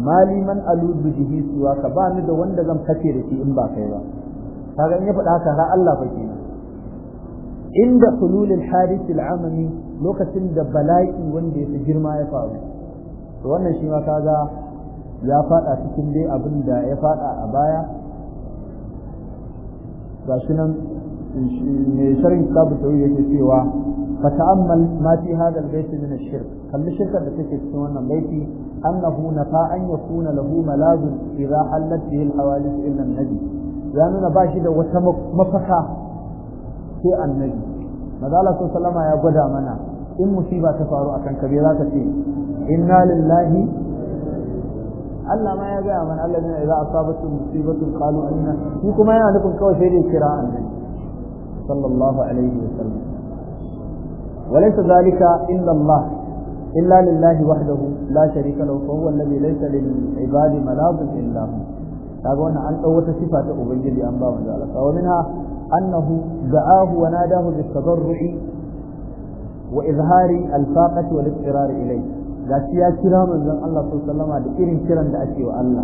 maliman aludu bihi suwa ka ba ni da wanda zan kace da shi in ba kai ba kaga in ya faɗa ka har Allah fa kenan inda hululul hadith al'amami lokacin da bala'i wanda ya fi girma ya faru to wannan shi ma kaga ya fada cikin dai abin da ya fada a baya shi nan mai sharhin kitabu tauhid yake cewa fa ta'ammal ma fi hadha al-bayt min ash-shirk kalli shirkar da take cikin wannan baiti annahu nafa an yakuna lahu malazun idha hallat bihi al-hawalis illa an-nabi ya nuna ba shi da wata mafaka sai annabi maza Allah sallama ya gwada mana in musiba ta faru akan Kabira ka ce inna lillahi Allah ma ya gaya mana Allah ne idza asabatu musibatu qalu inna shi kuma yana nufin kawai sai dai kira annabi sallallahu alaihi wa sallam walaysa zalika illa Allah illa lillahi wahdahu la sharika lahu fa huwa alladhi laysa lil ibadi malabun illa hu kaga wannan an dau wata sifa ta ubangiji an ba manzo Allah wa minha annahu da'ahu wa nadahu bis tadarrui wa izhari al faqati wal iqrar ilayhi ga shi ya kira manzon Allah sallallahu da irin kiran da ake wa Allah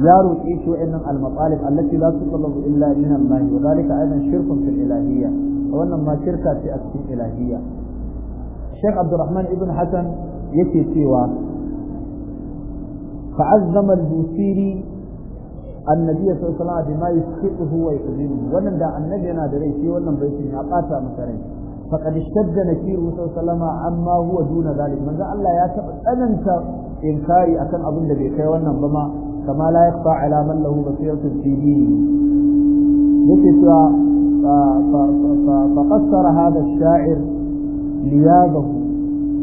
ya roƙe shi wa'annan al-maqalib allati la tuqallu illa min Allah wa zalika aidan shirkun fil ilahiyya wannan ma shirka ce a cikin ilahiyya Sheikh Abdurrahman ibn Hassan yake cewa fa'azzama al-Busiri annabi sallallahu alaihi wasallam bima yusqihu wa yuzimu wannan da annabi yana da rai sai wannan baitin ya bata masa rai faqad shadda nakiru sallama amma huwa duna zalik manzo Allah ya taba tsananta inkari akan abin da bai kai wannan ba ma kama la yakfa ala man lahu basiratu fi dini yake cewa fa qassara hadha liyabahu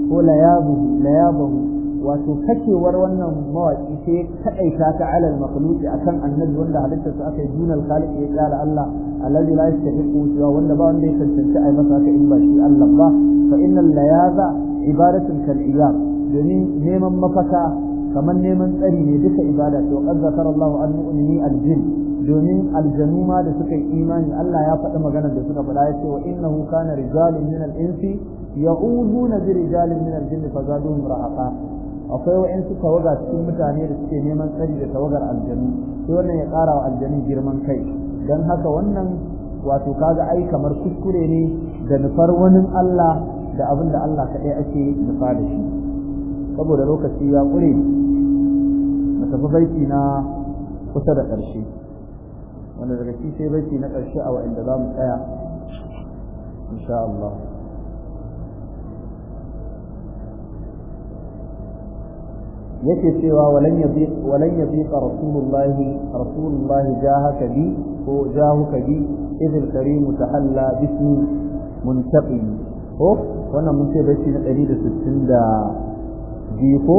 ko layabahu wato kakewar wannan mawaki sai kaɗaita ta alal a akan annabi wanda halitta su aka yi juna khaliq ya kala Allah alladhi la fi siwa wanda ba wanda ya tantance ai masa haka in ba shi Allah ba fa innal layaza ibaratun kal domin neman mafaka kamar neman tsari ne duka ibada to qad zakara Allah an mu'mini al domin aljanu ma da suka yi imani Allah ya faɗi maganar da suka faɗa ya ce wa innahu kana rijalun min al insi ya'uduna bi rijalin min al jinn fa zaduhum rahaqa akwai wa'in su tawaga cikin mutane da suke neman tsari da tawagar aljanu sai wannan ya ƙara wa aljanu girman kai don haka wannan wato kaga ai kamar kuskure ne da nufar wani Allah da abin da Allah kaɗai ake nufa da shi saboda lokaci ya ƙure na tafi baiki na kusa da ƙarshe wanda daga shi sai baiki na ƙarshe a wa'inda za mu tsaya insha Allah yake cewa walan yafi walan yafi rasulullahi rasulullahi jahaka bi ko jahuka bi idil karim tahalla bismi muntaqi ko wannan mun ce bashi na 162 ko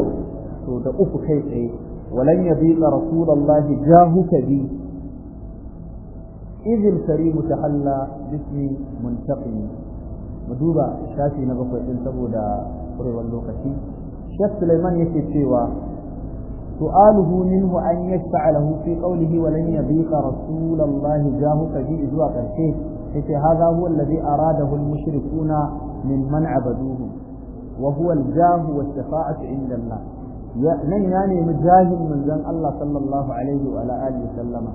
to da uku kai tsaye walan yafi rasulullahi jahuka bi idil ta tahalla bismi muntaqi mu duba shafi na bakwai ɗin saboda kurewar lokaci Sheikh suleiman yake cewa su'aluhu minhu an yashfa'alahu fi qawlihi wa lan yadhiqa rasulallahi jahu kaji zuwa karshe yace hadha huwa alladhi aradahu al-mushrikuna min man abaduhu wa huwa al-jah wa shafa'atu 'inda Allah nan ya nemi jahin manzon Allah sallallahu alaihi wa alihi sallama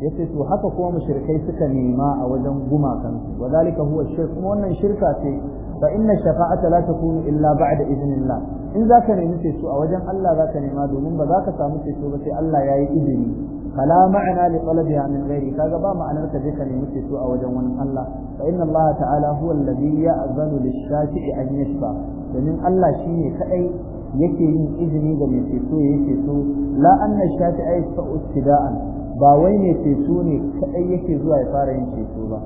yace to haka kuma mushrikai suka nema a wajen gumakan su wadalika huwa shirk kuma wannan shirka ce fa inna shafa'ata la takunu illa ba'da idnillah in zaka nemi ceto a wajen Allah zaka nema domin ba zaka samu ceto ba sai Allah yayi izini kala ma'ana li talabiha min ghairi kaga ba ma'anar ka je ka nemi ceto a wajen wani Allah fa inna Allah ta'ala huwa alladhi ya'zanu lish-shafi'i an yashfa domin Allah shine kadai yake yin izini ga mai ceto yake so la anna shafi'a yashfa'u istida'an ba wai mai ceto ne kaɗai yake zuwa ya fara yin ceto ba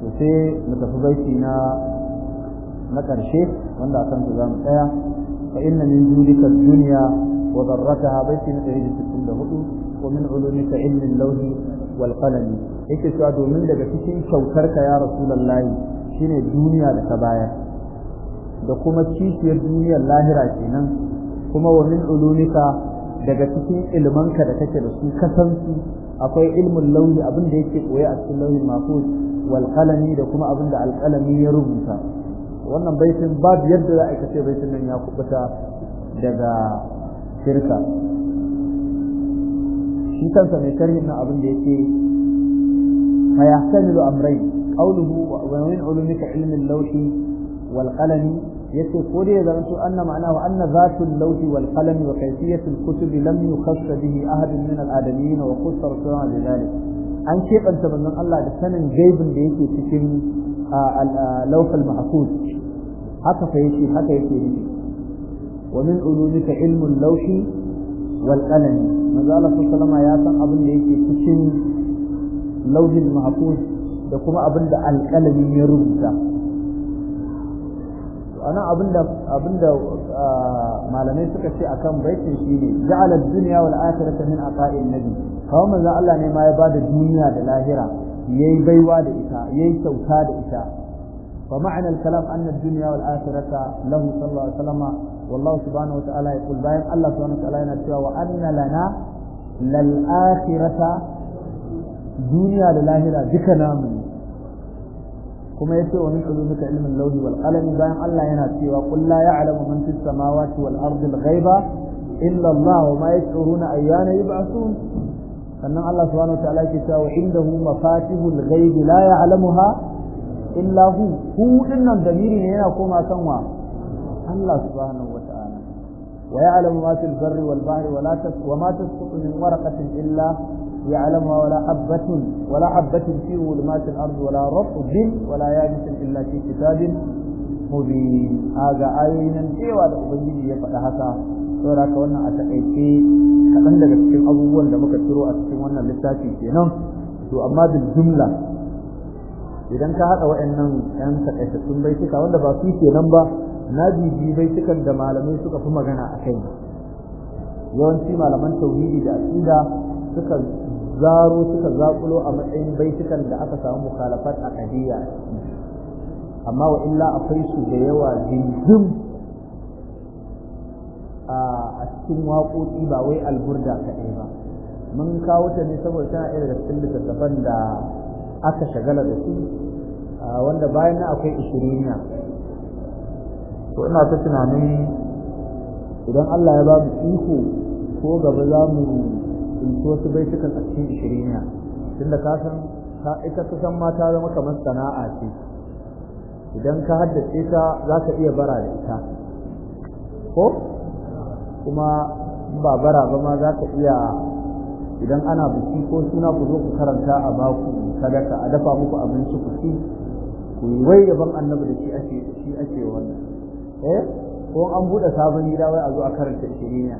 to sai mu tafi baiti na na karshe wanda akan ta zamu tsaya fa inna min dunika dunya wa darrataha baiti na 164 wa min ulumika ilmi al-lawhi wal qalami yake cewa domin daga cikin kyautarka ya rasulullahi shine duniya da ta bayar da kuma kishiyar duniyar lahira kenan kuma wa min ulumika daga cikin ilmanka da kake da su kasansu akwai ilmin launi abin da yake koya a cikin lauyin mahfuz wal qalami da kuma abin da alqalami ya rubuta wannan baitin babu yadda za a kace baitin nan ya kubuta daga shirka shi kansa mai sharhin na abin da yake fa yahtamilu amrayn qawluhu wa wani ulumika ilmi al wal qalami yace ko dai zan to anna ma'ana wa anna zatul lawhi wal qalam wa kayfiyatul kutub lam yukhass bihi ahad min al adamin wa qassara sura bi dhalik an kebanta manzon Allah da sanin gaibin da yake cikin lawhul mahfuz haka fa yake haka yake nufi wa min ulumika ilmul lawhi wal qalam manzo Allah sallallahu alaihi ya san abin da yake cikin lawhul mahfuz da kuma abin da alƙalami ya rubuta wani abin da ah, malamai suka ce akan kan baikin shi ne ja'alar duniya wani ayatar ta min a fa'in nabi kawo manzan Allah ne ma ya ba da duniya da lahira ya baiwa da ita ya yi da ita fa ma'anar kalam an na duniya wani ayatar lahu sallallahu alaihi salama wallahu subhanahu wa ta'ala ya kul bayan Allah subhanahu wa ta'ala yana cewa wa an lana lal'akirata duniya da lahira duka namu kuma ya ce wa min ulumika ilmin lauhi wal qalami bayan Allah yana cewa qul la ya'lamu man fis samawati wal ardi al ghaiba illa Allah wa ma na ayyana yi yub'athun sannan Allah subhanahu wa ta'ala yake cewa indahu mafatihul ghaibi la ya'lamuha illa hu hu dinnan damiri ne yana koma kan wa Allah subhanahu wa ta'ala wa ya'lamu ma fil barri wal bahri wa la tasqutu wa ma tasqutu min waraqatin illa يعلمها ولا حبة ولا حبة في ظلمات الأرض ولا رطب ولا يابس إلا في كتاب مبين هذا آيين سوى الأبنجي يفتحها saboda haka wannan a taƙaice kaɗan daga cikin abubuwan da muka ciro a cikin wannan littafin kenan to amma bil jumla idan ka haɗa wa'annan ƴan taƙaitattun baituka wanda ba su kenan ba na bibi baitukan da malamai suka fi magana a kai yawanci malaman tauhidi da aqida suka zaro suka zakulo a matsayin baitukan da aka samu mukhalafat a kadiya amma wa illa akwai su da yawa jinjin a cikin waƙoƙi ba wai alburda kaɗai ba mun kawo ta ne saboda tana iya daga cikin littattafan da aka shagala da su wanda bayan na akwai ishiriniya to ina ta tunanin idan Allah ya ba mu iko ko gaba za mu su wasu baitukan a cikin tun tunda kasan san ita kusan san mata zama kamar sana'a ce idan ka haddace ta za ka iya bara da ita ko kuma ba bara ba ma za ka iya idan ana buki ko suna ku zo ku karanta a baku sadaka a dafa muku abinci ku ci ku yi wai yaban annabi da shi ake shi ake wannan eh ko an buɗe sabon gida wai a zo a karanta shirinya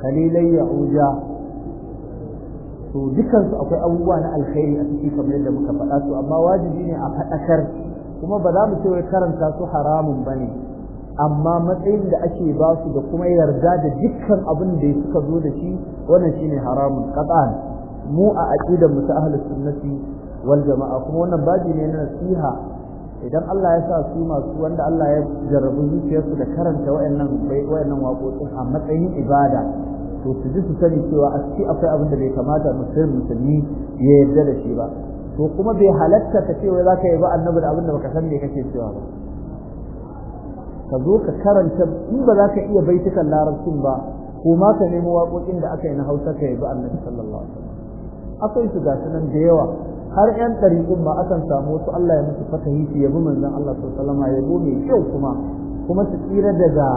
khalilai ya'uja to dukansu akwai abubuwa na alkhairi a cikin kamar yadda muka faɗa su amma wajibi ne a faɗakar kuma ba za mu ce wai karanta su haramun ba ne amma matsayin da ake ba su da kuma yarda da dukkan abin da suka zo da shi wannan shine haramun qatan mu a aqidar mu ta ahlus sunnati wal jama'a kuma wannan baji ne na nasiha idan Allah ya sa su masu wanda Allah ya jarrabu zuciyarsu da karanta wayannan wayannan waƙoƙin a matsayin ibada to su ji su sani cewa a ciki akwai abin da bai kamata musulmi musulmi ya yarda da shi ba to kuma bai halatta ka cewa za ka yi ba annabi da abin da baka san me kake cewa ba ka zo ka karanta in ba za ka iya baitukan larabcin ba ko ma ka nemo waƙoƙin da aka yi na hausa ka yi ba annabi sallallahu alaihi wasallam akwai su gasu nan da yawa har yan ɗariƙun ba akan samu wasu Allah ya musu fatahi ya yabi manzon Allah sallallahu alaihi wasallam ya mai kyau kuma kuma su tsira daga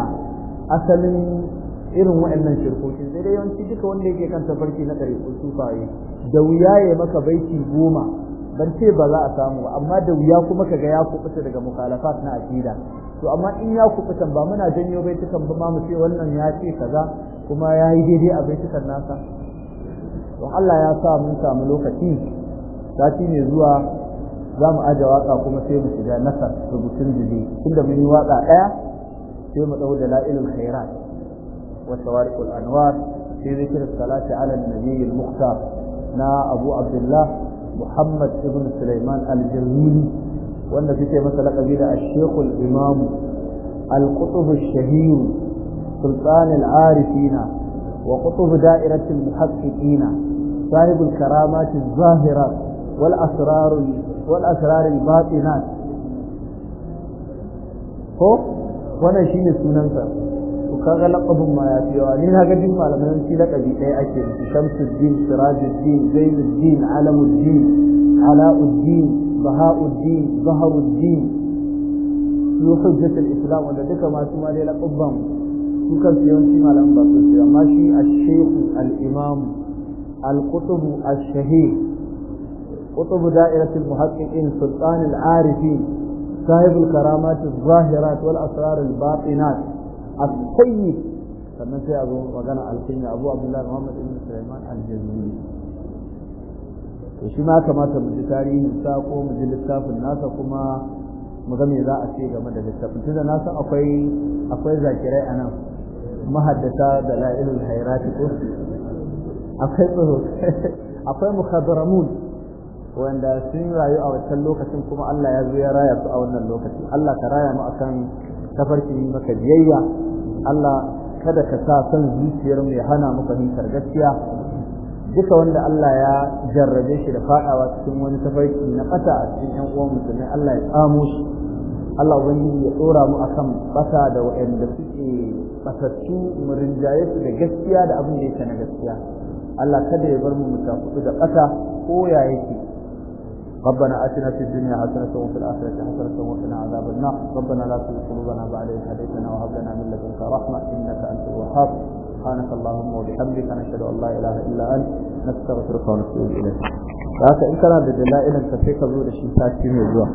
asalin irin waɗannan shirkokin sai dai yawanci duka wanda yake kan tafarki na ɗari ko sufaye da wuya ya maka baiti goma ban ce ba za a samu ba amma da wuya kuma kaga ya kubuta daga mukalafat na aƙida to amma in ya kubuta ba muna janyo baitukan ba ma mu ce wannan ya ce kaza kuma ya yi daidai a baitukan nasa to Allah ya sa mun samu lokaci sati ne zuwa za mu aje waka kuma sai mu shiga nasar rubutun jibi tunda mun yi waka ɗaya sai mu ɗau da la'ilul khairat وشوارق الأنوار في ذكر الصلاة على النبي المختار نا أبو عبد الله محمد ابن سليمان الجزيري wanda suke masa laƙabi da ashekul imamu alƙutubu shahiru sultanin arifina wa ƙutubu da'iratin muhaƙiƙina sahibul karamatin zahira wal asrarin batinat ko wannan shine sunansa kaga laqabin ma ya fi yawa ni na ga duk malaman shi laqabi ɗaya ake musu shamsuddin sirajuddin zainuddin alamuddin alauddin bahauddin baharuddin su hujjatul islam wanda duka masu ma dai laqabban su kan yawanci malaman ba su amma shi ash-shaykh al-imam al-qutb ash-shahih qutb da'iratul muhaqqiqin sultan al-arifin صاحب الكرامات الظاهرات والأسرار الباطنات as-sayyid sannan sai a zo magana al Abu Abdullah Muhammad ibn Sulaiman al-Jazuli to shi ma kamata mu ji tarihin sa ko mu ji littafin nasa kuma mu ga me za a ce game da littafin tunda nasa akwai akwai zakirai anan mahaddata da la'ilul hayrati ko akwai tsoro akwai mukhadramun wanda sun rayu a wancan lokacin kuma Allah ya zo ya raya su a wannan lokacin Allah ka raya mu akan tafarki maka biyayya Allah kada ka sa son zuciyar mu ya hana mu fahimtar gaskiya duka wanda Allah ya jarrabe shi da fadawa cikin wani tafarki na ƙasa a cikin ƴan uwan musulmai Allah ya tsamo shi Allah ubangiji ya dora mu akan bata da waɗanda suke batattu mu rinjaye da gaskiya da abin da yake na gaskiya Allah kada ya bar mu mu da ƙasa ko ya yake ربنا اتنا في الدنيا حسنه وفي الاخره حسنه وقنا عذاب النار ربنا لا تزغ قلوبنا بعد إذ هديتنا وهب لنا من لدنك رحمه انك انت الوهاب سبحانك اللهم وبحمدك نشهد ان لا اله الا انت نستغفرك ونتوب اليك haka in kana da dalilan ka sai ka zo da shi sati
mai zuwa